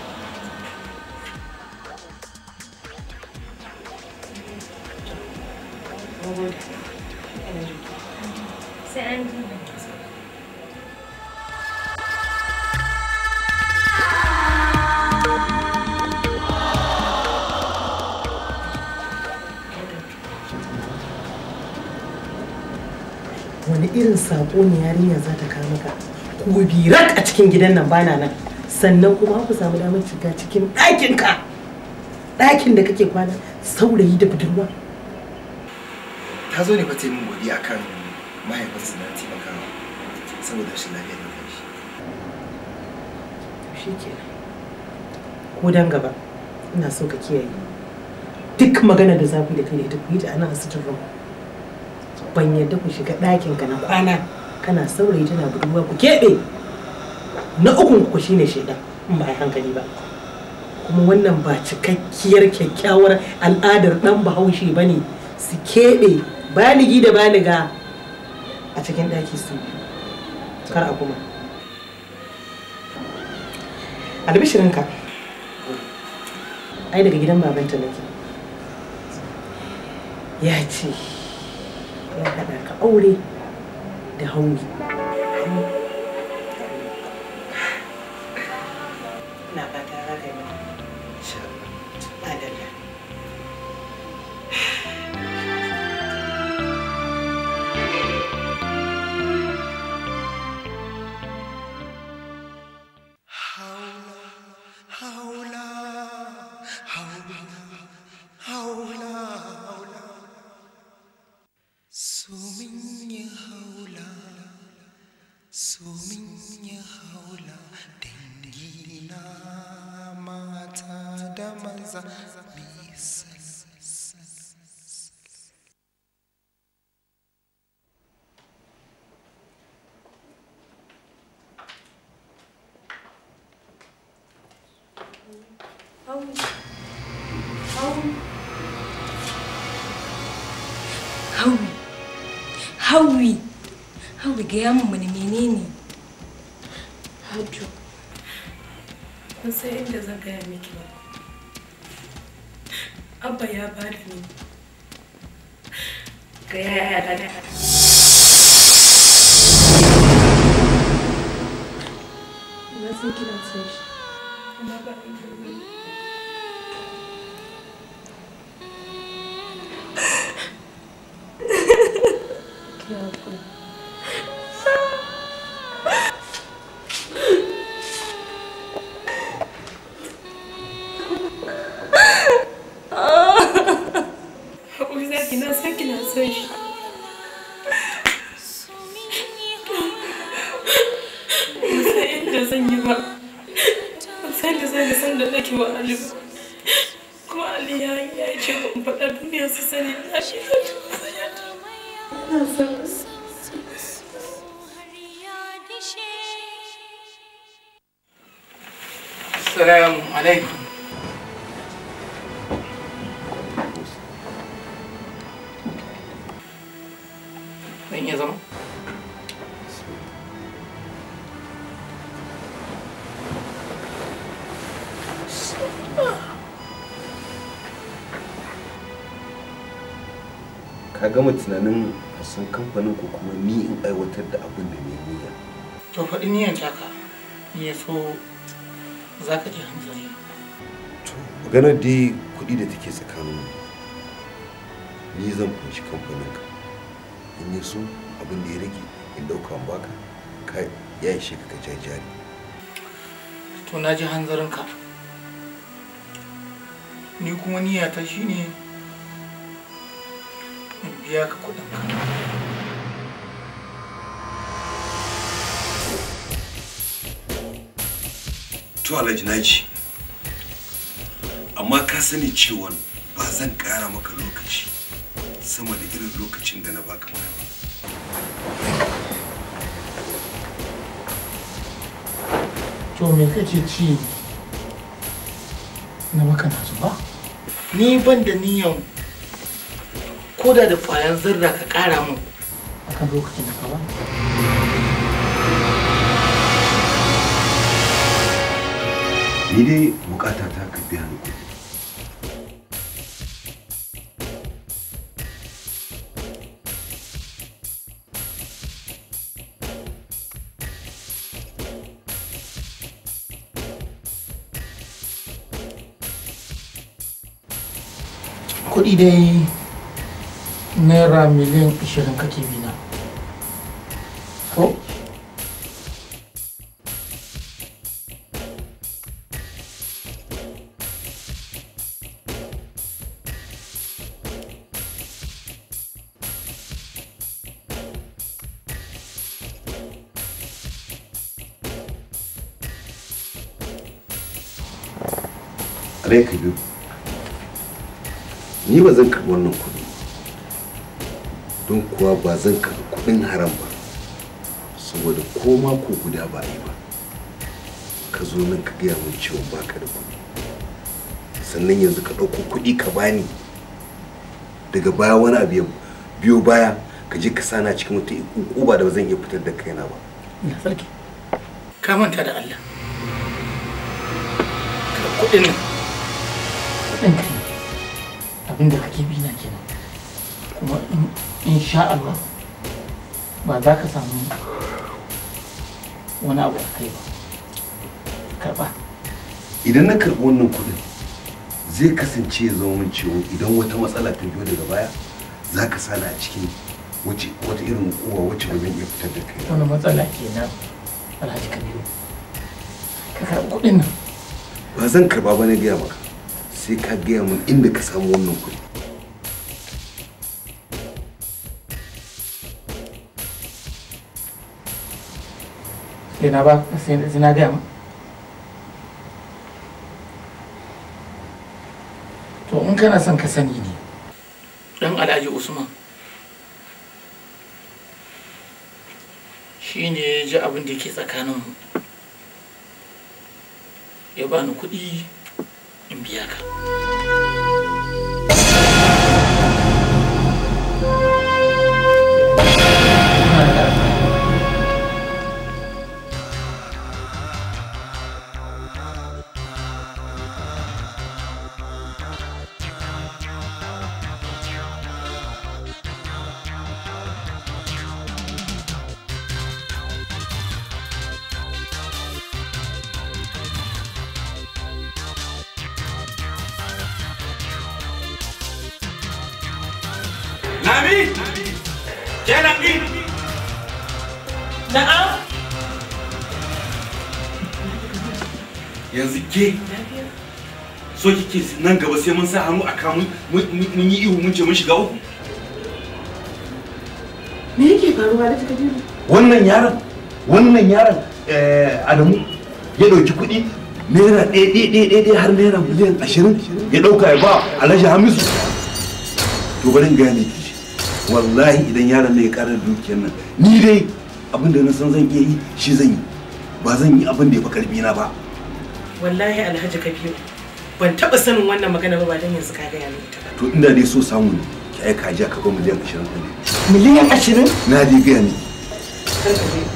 wani irin saƙo ne yarinya za ta kawo maka ku birak a cikin gidan nan bana nan sannan kuma ku samu damar shiga cikin ɗakinka ɗakin da kake kwana saurayi da budurwa ta zo ne fa ta yi min godiya kan mahaifinsu na taimakawa saboda rashin lafiya da kan shi shi ke ko dan gaba ina so ka kiyaye duk magana da zafi da kai da ku yi ta ana asitin ban yadda ku shiga ɗakin ka na kwana kana saurayi tana budurwa ku keɓe na ukun ku shine shaidan in ba hankali ba kuma wannan ba cikakkiyar kyakkyawar al'adar ɗan bahaushe ba ne su keɓe baligi da baliga a cikin ɗaki su kar a kuma albishirinka ai daga gidan babanta nake ya ce ya haɗa ka aure da hauni no? ka gama tunanin a san kamfanin ko kuma ni in aiwatar da abin da ne niyya to faɗi niyyar taka ni ya so za ka ji hanzari to maganar da kuɗi da take tsakanin ni zan kunshi kamfanin ka in ya so abin da ya rage in dauka ba baka kai ya ishe ka ka jari to na ji hanzarin ka ni kuma niyata shine in biya ka kudin ka to alhaji na ji amma ka sani cewa ba zan ƙara maka lokaci sama da irin lokacin da na baka ba to me kake ci na maka na ni ban da niyan koda da kwayan zarra ka ƙara min akan lokacin na ka ni dai bukata ta ka biya ni dai naira miliyan 20 kake bina ba zan karɓi wannan kuɗi don kuwa ba zan karɓi kuɗin haram ba saboda ko mako guda ba yi ba ka zo nan ka gaya min cewa ba ka da kuɗi sannan yanzu ka ɗauko kuɗi ka bani daga baya wani abu ya biyo baya ka je ka sana cikin wata ba da ba zan iya fitar da kaina ba ina sarki ka manta da Allah kuɗin nan da kake bi na kenan kuma in sha Allah ba za ka samu wani abu a kai ba karba. idan na karɓi wannan kuɗin zai kasance ya zama min cewa idan wata matsala ta biyo daga baya za ka sani a cikin wata irin kowa wacce ba zan iya fitar da kai wani matsala kenan alhaji kabiru ka karɓi kuɗin nan ba zan karɓa ba na gaya maka sai ka gaya mun inda ka samu wannan kuɗi sai na ba sai na gaya mun. to in kana son ka sani ne dan alhaji usman shi ne ya ji abin da ke tsakaninmu ya bani kuɗi em kake nan gaba sai mun sa hannu a kamun mun yi ihu mun ce mun shiga uku me yake faruwa da take jira wannan yaron wannan yaron eh, Adamu ya dauki kuɗi naira ɗaya ɗaya ɗaya ɗaya har naira miliyan ashirin ya ɗauka ya ba alhaji hamisu to bari gaya ne wallahi idan yaron ne ya ƙara dukiyar nan ni dai abin da na san zan iya yi shi zan yi ba zan yi abin da ya fi karfi na ba wallahi alhaji kabiru ban taba sanin wannan magana ba dan yanzu ka gaya min ta to inda ne so samu ne ki aika ji ka ba miliyan 20 miliyan 20 na ji gaya ni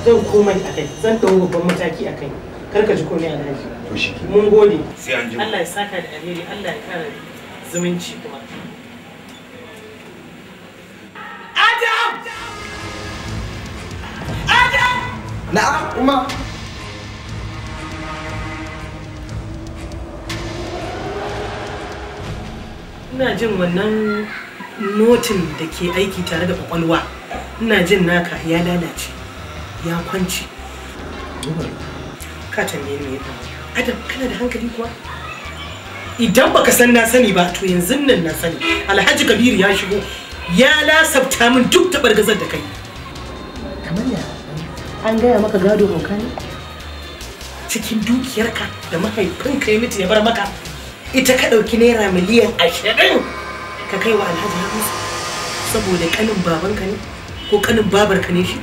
zan komai a kai zan dau babban mataki a kai kar ka ji komai a daji to shi mun gode sai an ji Allah ya saka da alheri Allah ya kare zumunci kuma Adam! Adam! Na'am, Umar. ina jin wannan notin da ke aiki tare da kwakwalwa ina jin naka ya lalace ya kwanci ka ne ni adam kana da hankali kuwa idan baka san na sani ba to yanzu nan na sani alhaji kabiru ya shigo ya lasafta min duk ta bargazar da kai kamar ya an gaya maka gado hauka cikin dukiyarka da mahaifinka ya mutu ya bar maka ita ka ɗauki naira miliyan ashirin ka kai wa alhaji hamisu saboda kanin babanka ne ko kanin babarka ne shi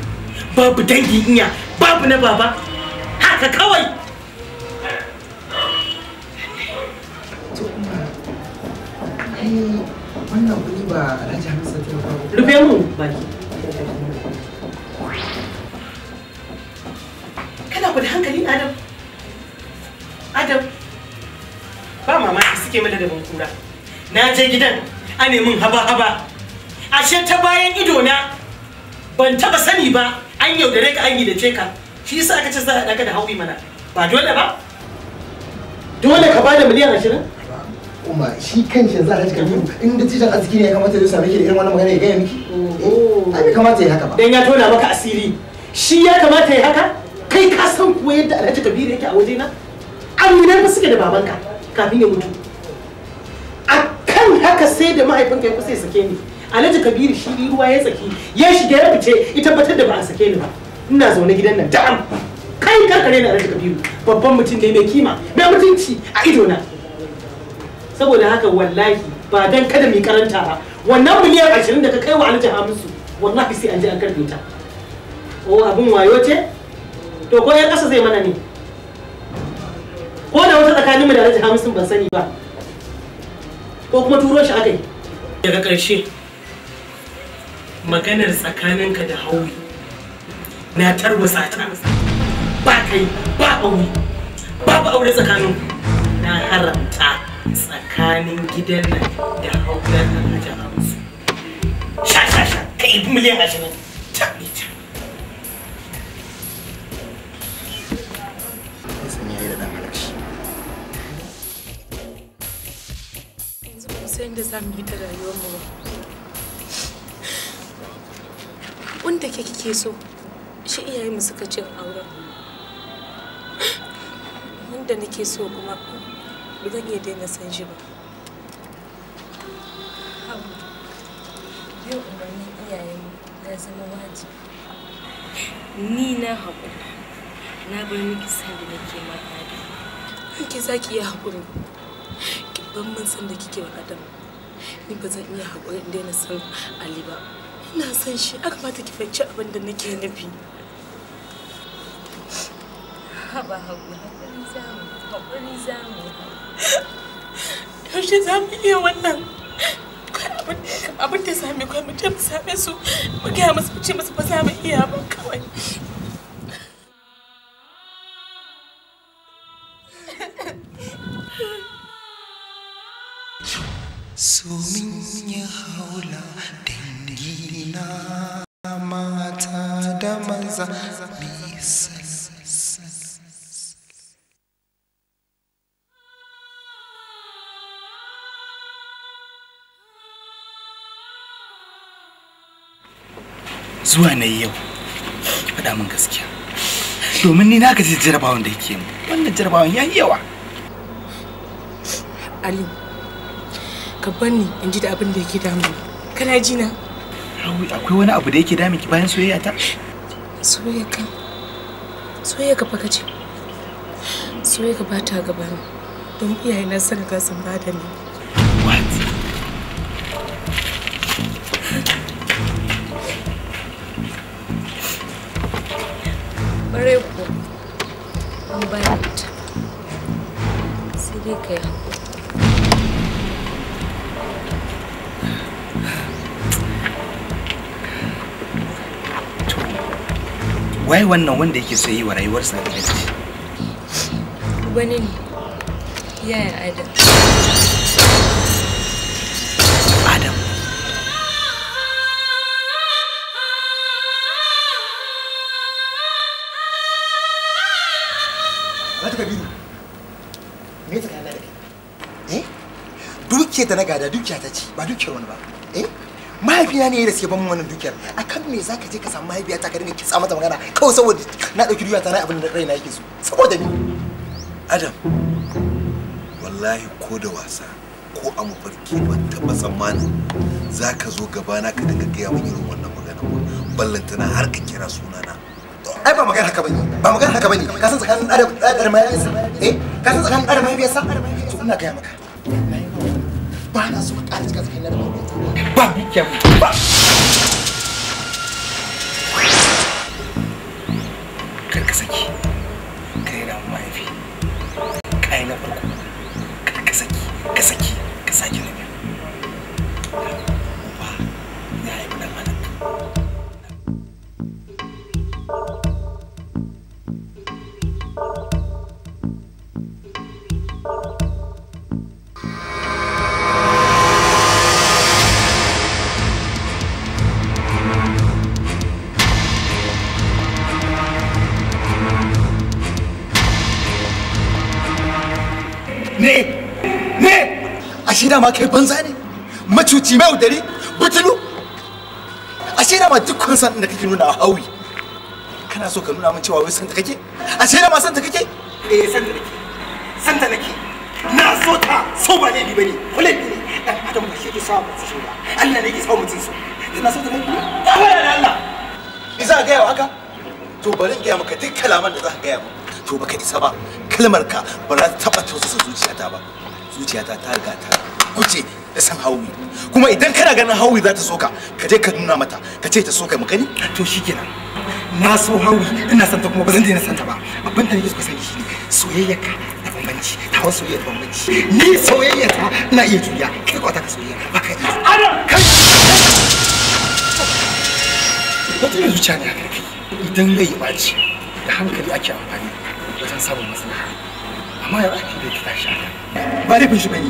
babu dangi inya babu na baba haka kawai wannan kuɗi ba alhaji hamisu ta yi rufe mu baki kana ku da hankali adam adam ba mamaki suke mata da kura na je gidan a nemin haba-haba ashe ta bayan ido na ban taba sani ba an yaudare ka an yi da ka shi yasa aka ce za a daga da haubi mana ba dole ba dole ka bada miliyan ashirin kuma shi kan shi za a ji karfi inda tijan arziki ne ya kamata ya same ki da irin wannan magana ya gaya miki ai bai kamata ya haka ba dan ya tona maka asiri shi ya kamata ya haka kai ka san kuwa yadda alhaji kabiru yake a wajena aminar ba suke da babanka kafin ya mutu a kan haka sai da mahaifinka ya kusa ya sake ni alhaji kabiru shi ruwa ya saki ya shiga ya fice ya tabbatar da ba a sake ni ba ina zaune gidan nan da'am kai karkare na alhaji kabiru babban mutum ne mai kima mai mutunci a ido na saboda haka wallahi ba dan kada mai karanta ba wannan miliyan ashirin da ka kai wa alhaji hamisu wallahi sai an je an karbe ta o oh, abin wayo ce to ko ya kasa zai mana ne ko da wata tsakanin mu da Alhaji Hamisun ban sani ba ko kuma turo shi akai daga ƙarshe maganar tsakaninka da Hauwi na tarwasa ta ba kai ba aure babu aure tsakanin na haramta tsakanin gidan nan da Hauwi da Alhaji Hamisu sha sha sha kai miliyan ashirin san yadda za mu yi ta rayuwarmu ba wanda ke kike so shi iyayen mu suka cin auren wanda nake so kuma ba zan iya daina san shi ba yau umarnin iyayen ya zama wajibi ni na haƙura na bar miki san da nake maka da ki zaki yi haƙuri ki ban min san da kike wa adam ni ba zan iya haƙuri in daina san ali ba ina san shi aka mata ki fahimci abin da nake nufi haba hagu haƙuri zamu haƙuri zamu yaushe za mu iya wannan abin da sami kawai mu je su mu gaya musu fice musu ba za mu iya ba kawai zuwa na yau faɗa min gaskiya domin ni na gaji jarabawan da yake mu wannan jarabawan ya yi yawa ali ka bar ni in ji da abin da yake damu kana ji na akwai wani abu da yake damun ki bayan soyayya ta soyayya ka soyayya ka faka ce soyayya ka ba ta ne don iyayen na sun riga sun bada ni kwarai ko an bayar ta sai dai ka yi wai wannan wanda yake so yi wa rayuwarsa da wani ne yaya adam ta na gada dukiya ta ce ba dukiyar wani ba eh mahaifiya ne da suke ban wannan dukiyar kan me zaka je ka samu mahaifiya ta ka dinga kitsa mata magana kawai saboda na dauki dukiya ta na abin da na yake so saboda ni adam wallahi ko da wasa ko a mafarki ban taɓa tsammanin za ka zo gaba na ka dinga gaya min irin wannan magana ba ballantana har ka kira sunana ai ba magana haka bane ba magana haka bane ka san tsakanin ɗan da mahaifiyarsa eh ka san tsakanin ɗan da mahaifiyarsa to ina gaya maka ba na so ka ƙara cika tsakanin da ba dukiya ba kar ka saki ka yi damu mahaifi ka yi na farko kar ka saki ka saki ka saki na biyu da ma kai banza ne macuci mai dare butulu ashe ma dukkan san da kake nuna hawi kana so ka nuna min cewa wai san ta kake ashe ma san ta kake eh san ta nake san ta nake na so ta so ba ne bane kullai ne dan adam ba shi ke sa mu so ba Allah ne ke sa mu mutum so ina so ta nake ta wala da Allah iza ga yau haka to bari in ga maka duk kalaman da za ka ga yau to baka isa ba kalmar ka ba za ta taba tausasa zuciyata ba zuciyata ta riga ta kuce da san hawi kuma idan kana ganin hawi za ta soka ka je ka nuna mata ka ce ta soka ne to shikenan na so hawi ina san ta kuma ba zan daina san ta ba abin da nake so ka sani shine soyayya ka da bambanci ta wasu soyayya da bambanci ni soyayya ta na iya juriya kai kwata ka soyayya ba ka yi ana kai wata irin zuciya ne a karfi idan rai ɓaci da hankali ake amfani wajen samun maslaha amma yau ake da ta tashi ba laifin shi bane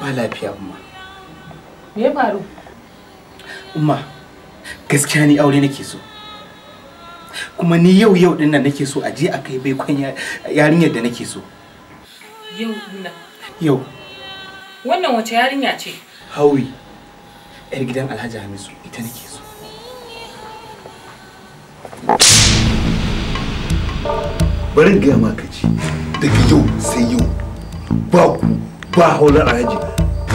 ba lafiya umma me ya faru umma gaskiya ni aure nake so kuma ni yau yau din nan nake so a je a kai bai kwan yarinyar da nake so yau na yau wannan wace yarinya ce hawi yar gidan alhaji hamisu ita nake so bari gaya maka ka daga yau sai yau ba ku ba haular alhaji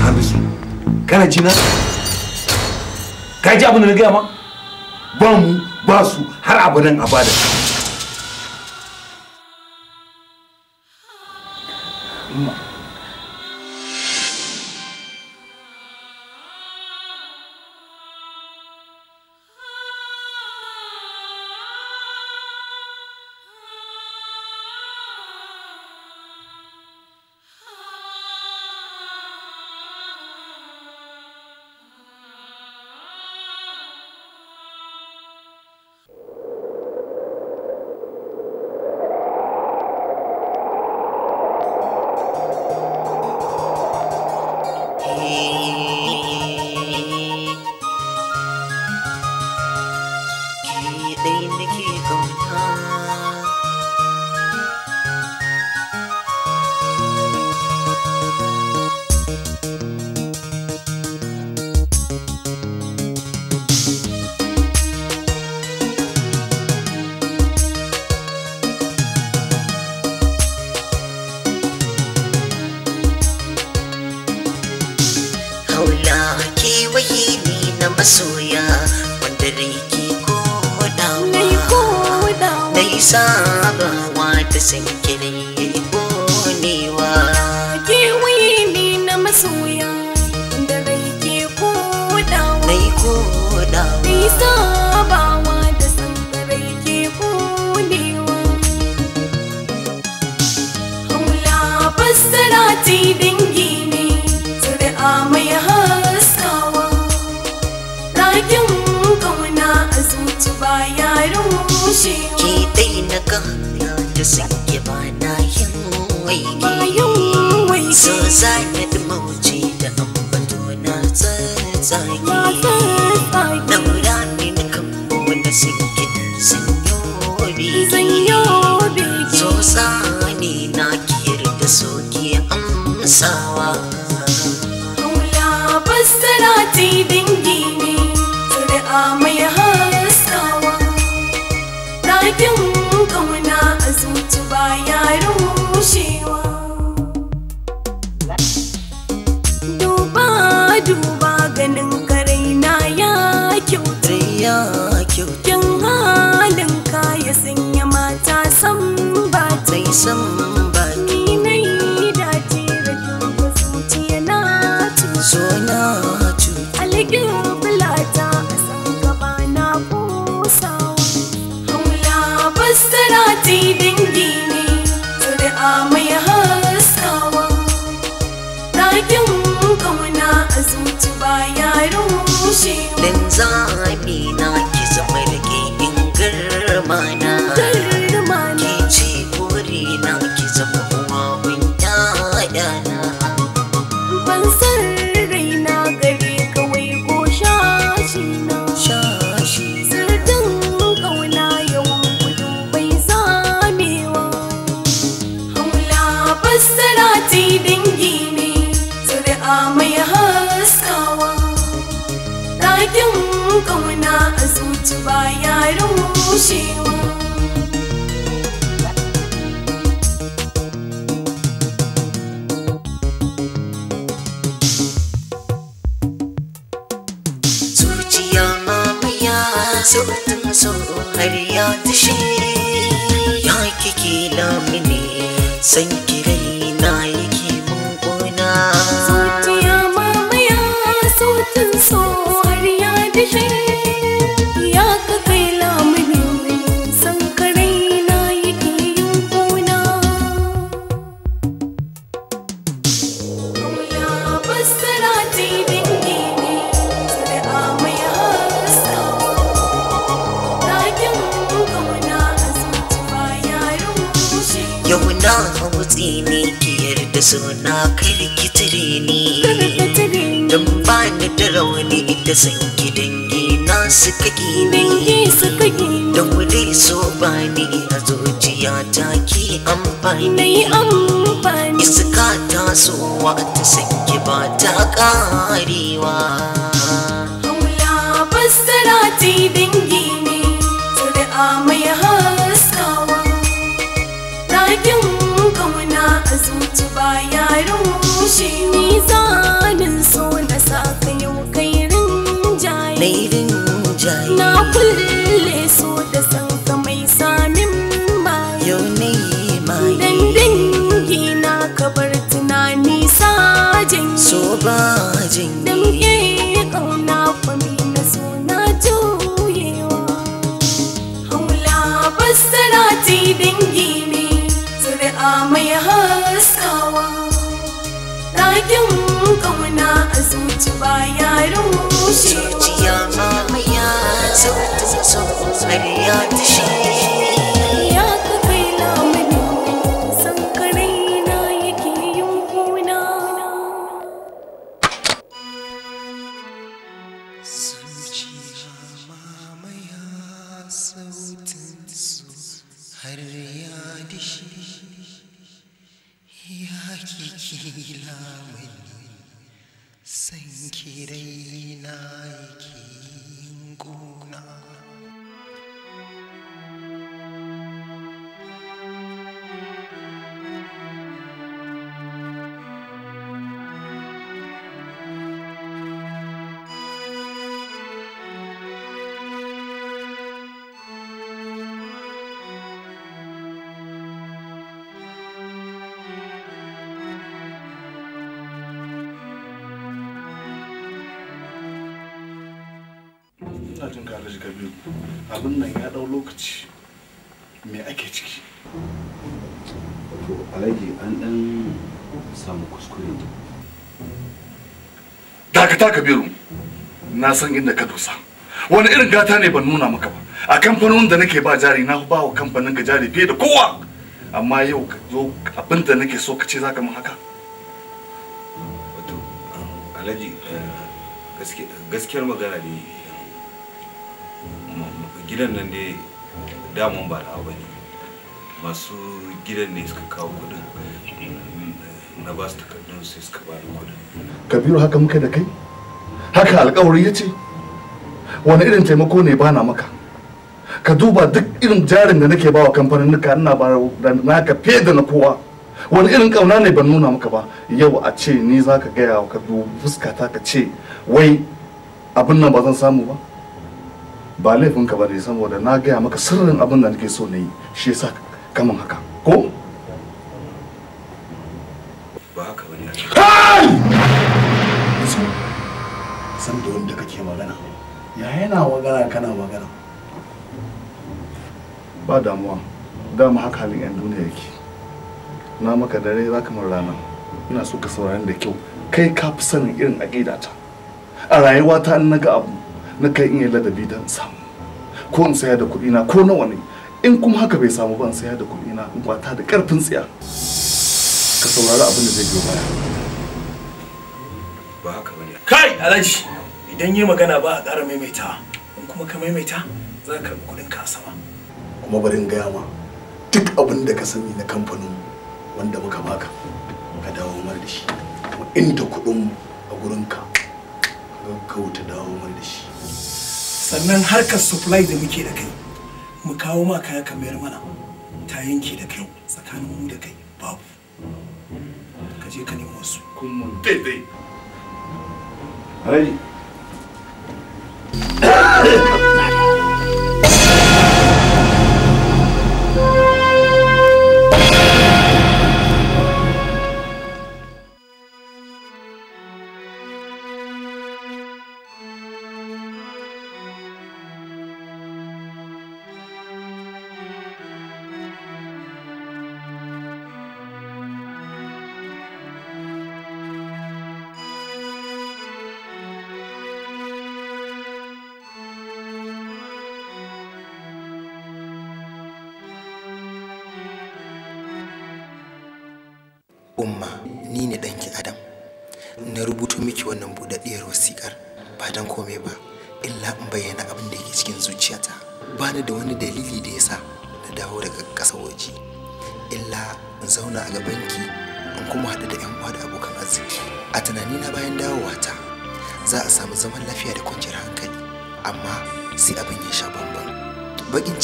hamisu kana jina ka ji abin da na gaya ma ba mu ba su har abadan abada Mm-hmm. ka alhaji kabiru abin nan ya dau lokaci mai ake ciki alhaji an dan samu kuskure dakata kabiru na san inda ka dosa wani irin gata ne ban nuna maka ba a kamfanonin da nake ba jari na ba wa kamfanin ka jari fiye da kowa amma yau ka zo abin da nake so ka ce ka mun haka alhaji eh, gaskiyar magana ne gidan nan dai damun ba na bane masu gidan ne suka kawo kudin na ba su takardun sai suka ba da kudin kabiru haka muka da kai haka alkawari ya ce wani irin taimako ne bana maka ka duba duk irin jarin da nake bawa kamfanin nuka ina ba naka fiye da na kowa wani irin kauna ne ban nuna maka ba yau a ce ni zaka gaya wa ka fuskata ka ce wai abin nan ba zan samu ba ba laifin ka bane saboda na gaya maka sirrin abin da nake so na yi shi yasa kaman haka ko ba haka bane kai san da wanda kake magana ya yana magana kana magana ba damuwa dama haka halin yan duniya yake na maka dare za ka min rana ina so ka saurari da kyau kai ka fi sanin irin aƙidata a rayuwata in na ga abu na in iya ladabi don samu ko in saya da kuɗi na ko nawa ne in kuma haka bai samu ba in saya da kuɗi na in kwata da ƙarfin tsiya ka saurari abin da zai biyo baya ba haka bane kai alhaji idan yi magana ba a ƙara maimaita in kuma ka maimaita za ka karɓi kuɗin ka sama kuma bari in gaya ma duk abin da ka sani na kamfanin wanda muka baka ka dawo mar da shi inda kuɗin a gurinka ka dawo mar da shi sannan harkar supply da muke da kai mu kawo ma kaya ka mayar mana ta yanke da kai tsakanin mu da kai babu ka je ka nemo su kun daidai Alhaji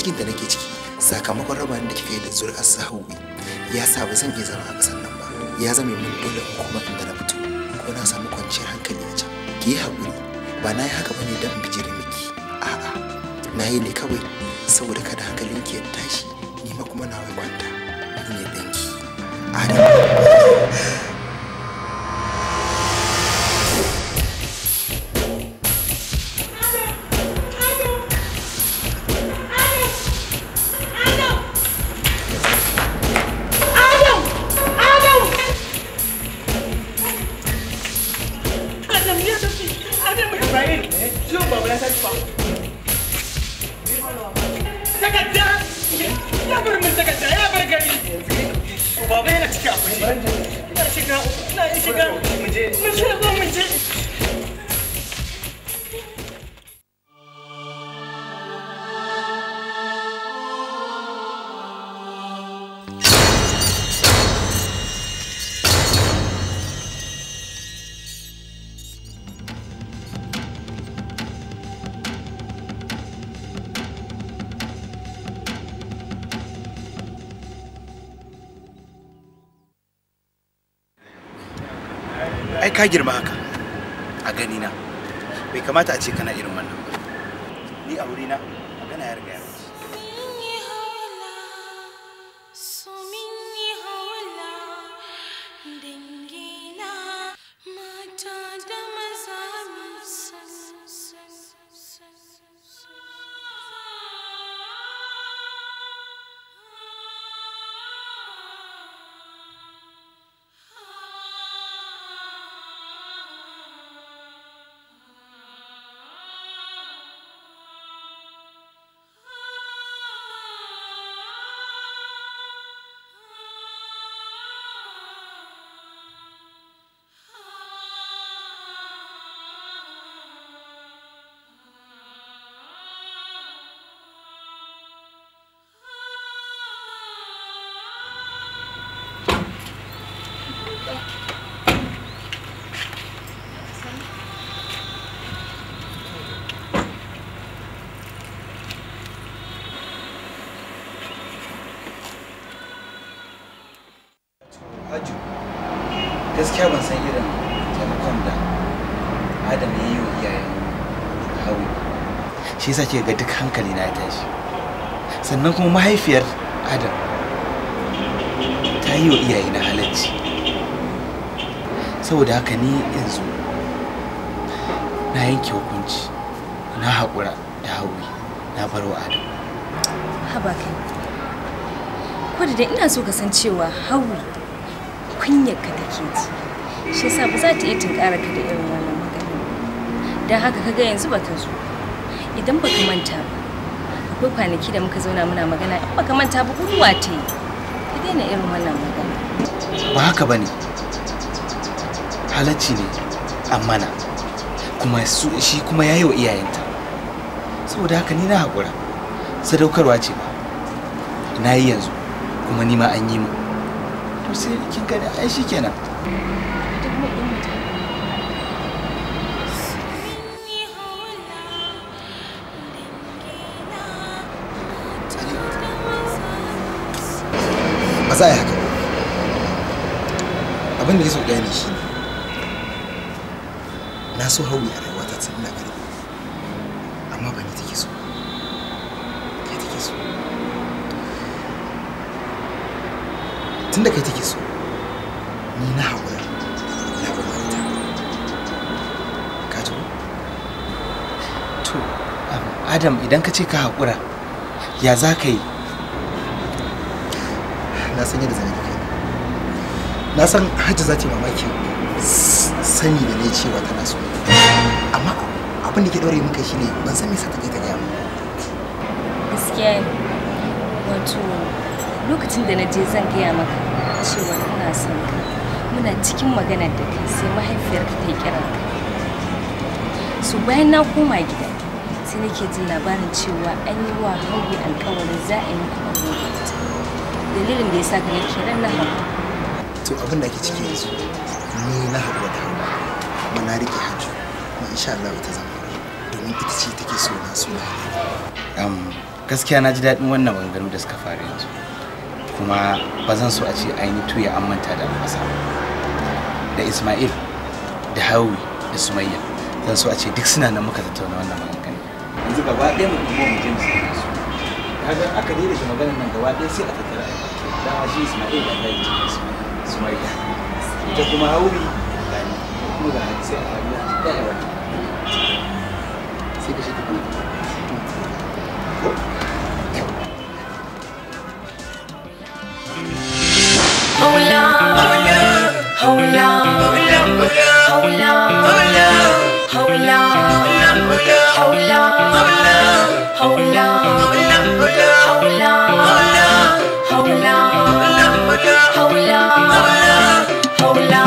cikin da nake ciki sakamakon rabani da kika yi da zuri'ar sahawi ya sa ba zan iya zama a ƙasar nan ba ya zame min dole in koma inda na fito ko na samu kwanciyar hankali a can ki yi haƙuri ba na yi haka bane don bijire miki a'a na yi ne kawai saboda kada hankalinki ya tashi ni ma kuma na kwanta ni ne danki adam ka girma haka a ganina bai kamata a ce kana irin gaskiya ban san irin taimakon da adam ya yi wa iyayen hawi shi yasa ke ga duk hankali na ya tashi sannan kuma mahaifiyar adam ta yi wa iyaye na halacci saboda haka ni yanzu na yanke hukunci na haƙura da hawi na bar wa adam haba kai ko da ina so ka san cewa hawi kunyar ka take ji shi yasa ba za ta iya tunkara ka da irin wannan magana don haka kaga yanzu ba ta zo idan ba ka manta ba akwai kwanaki da muka zauna muna magana in ba ka manta ba ruwa ta yi ka daina irin wannan magana ba haka ba ne halacci ne amana kuma shi kuma ya yi wa iyayenta saboda haka ni na haƙura sadaukarwa ce ba na yi yanzu kuma ni ma an yi mu to sai kin gani ai shikenan ba za a yi haka abin da ya sau ne shi ne na so hauli a rayuwa ta tun ina ƙarfi amma ba ni take so ke take so tun da kai adam idan ka ce ka haƙura ya za ka yi na san yadda zanen kai na san hajji za ta yi mamaki sani da ne cewa tana so amma abin da ke ɗaure muka shine ban san me sa take ta gaya mu gaskiya wato lokacin da na je zan gaya maka cewa ina son ka muna cikin magana da kai sai mahaifiyarka ta yi kiran ka su bayan na koma gida nake jin labarin cewa an yi wa hauyi alkawarin za a yi kuma aure dalilin da ya sa ka yake ran na to abin da ake ciki yanzu ni na hawa da hawa kuma na rike hajju kuma insha Allah ta zama domin ita ce take so na so na um, gaskiya na ji daɗin wannan maganganu da suka faru yanzu kuma ba zan so a ce ainihin tuya an manta da albasa da ismail da hawi da sumayya zan so a ce duk suna nan muka tattauna wannan maganganu Hold on, hold on, hold on, hold on, hold on, hold on. daina da maganar nan gaba ɗaya sai a tattara dama shi Isma'il da Allahi ce Isma'il ita kuma hauri da ni kuma ga sai a hauri da ya wata sai ka shi tukuna Hola, hola, hola, hola, hola, hola, hola, hola, hola. hold on, hold on, hold on, hold on, hold on, hold on, hold on, hold on, hold on.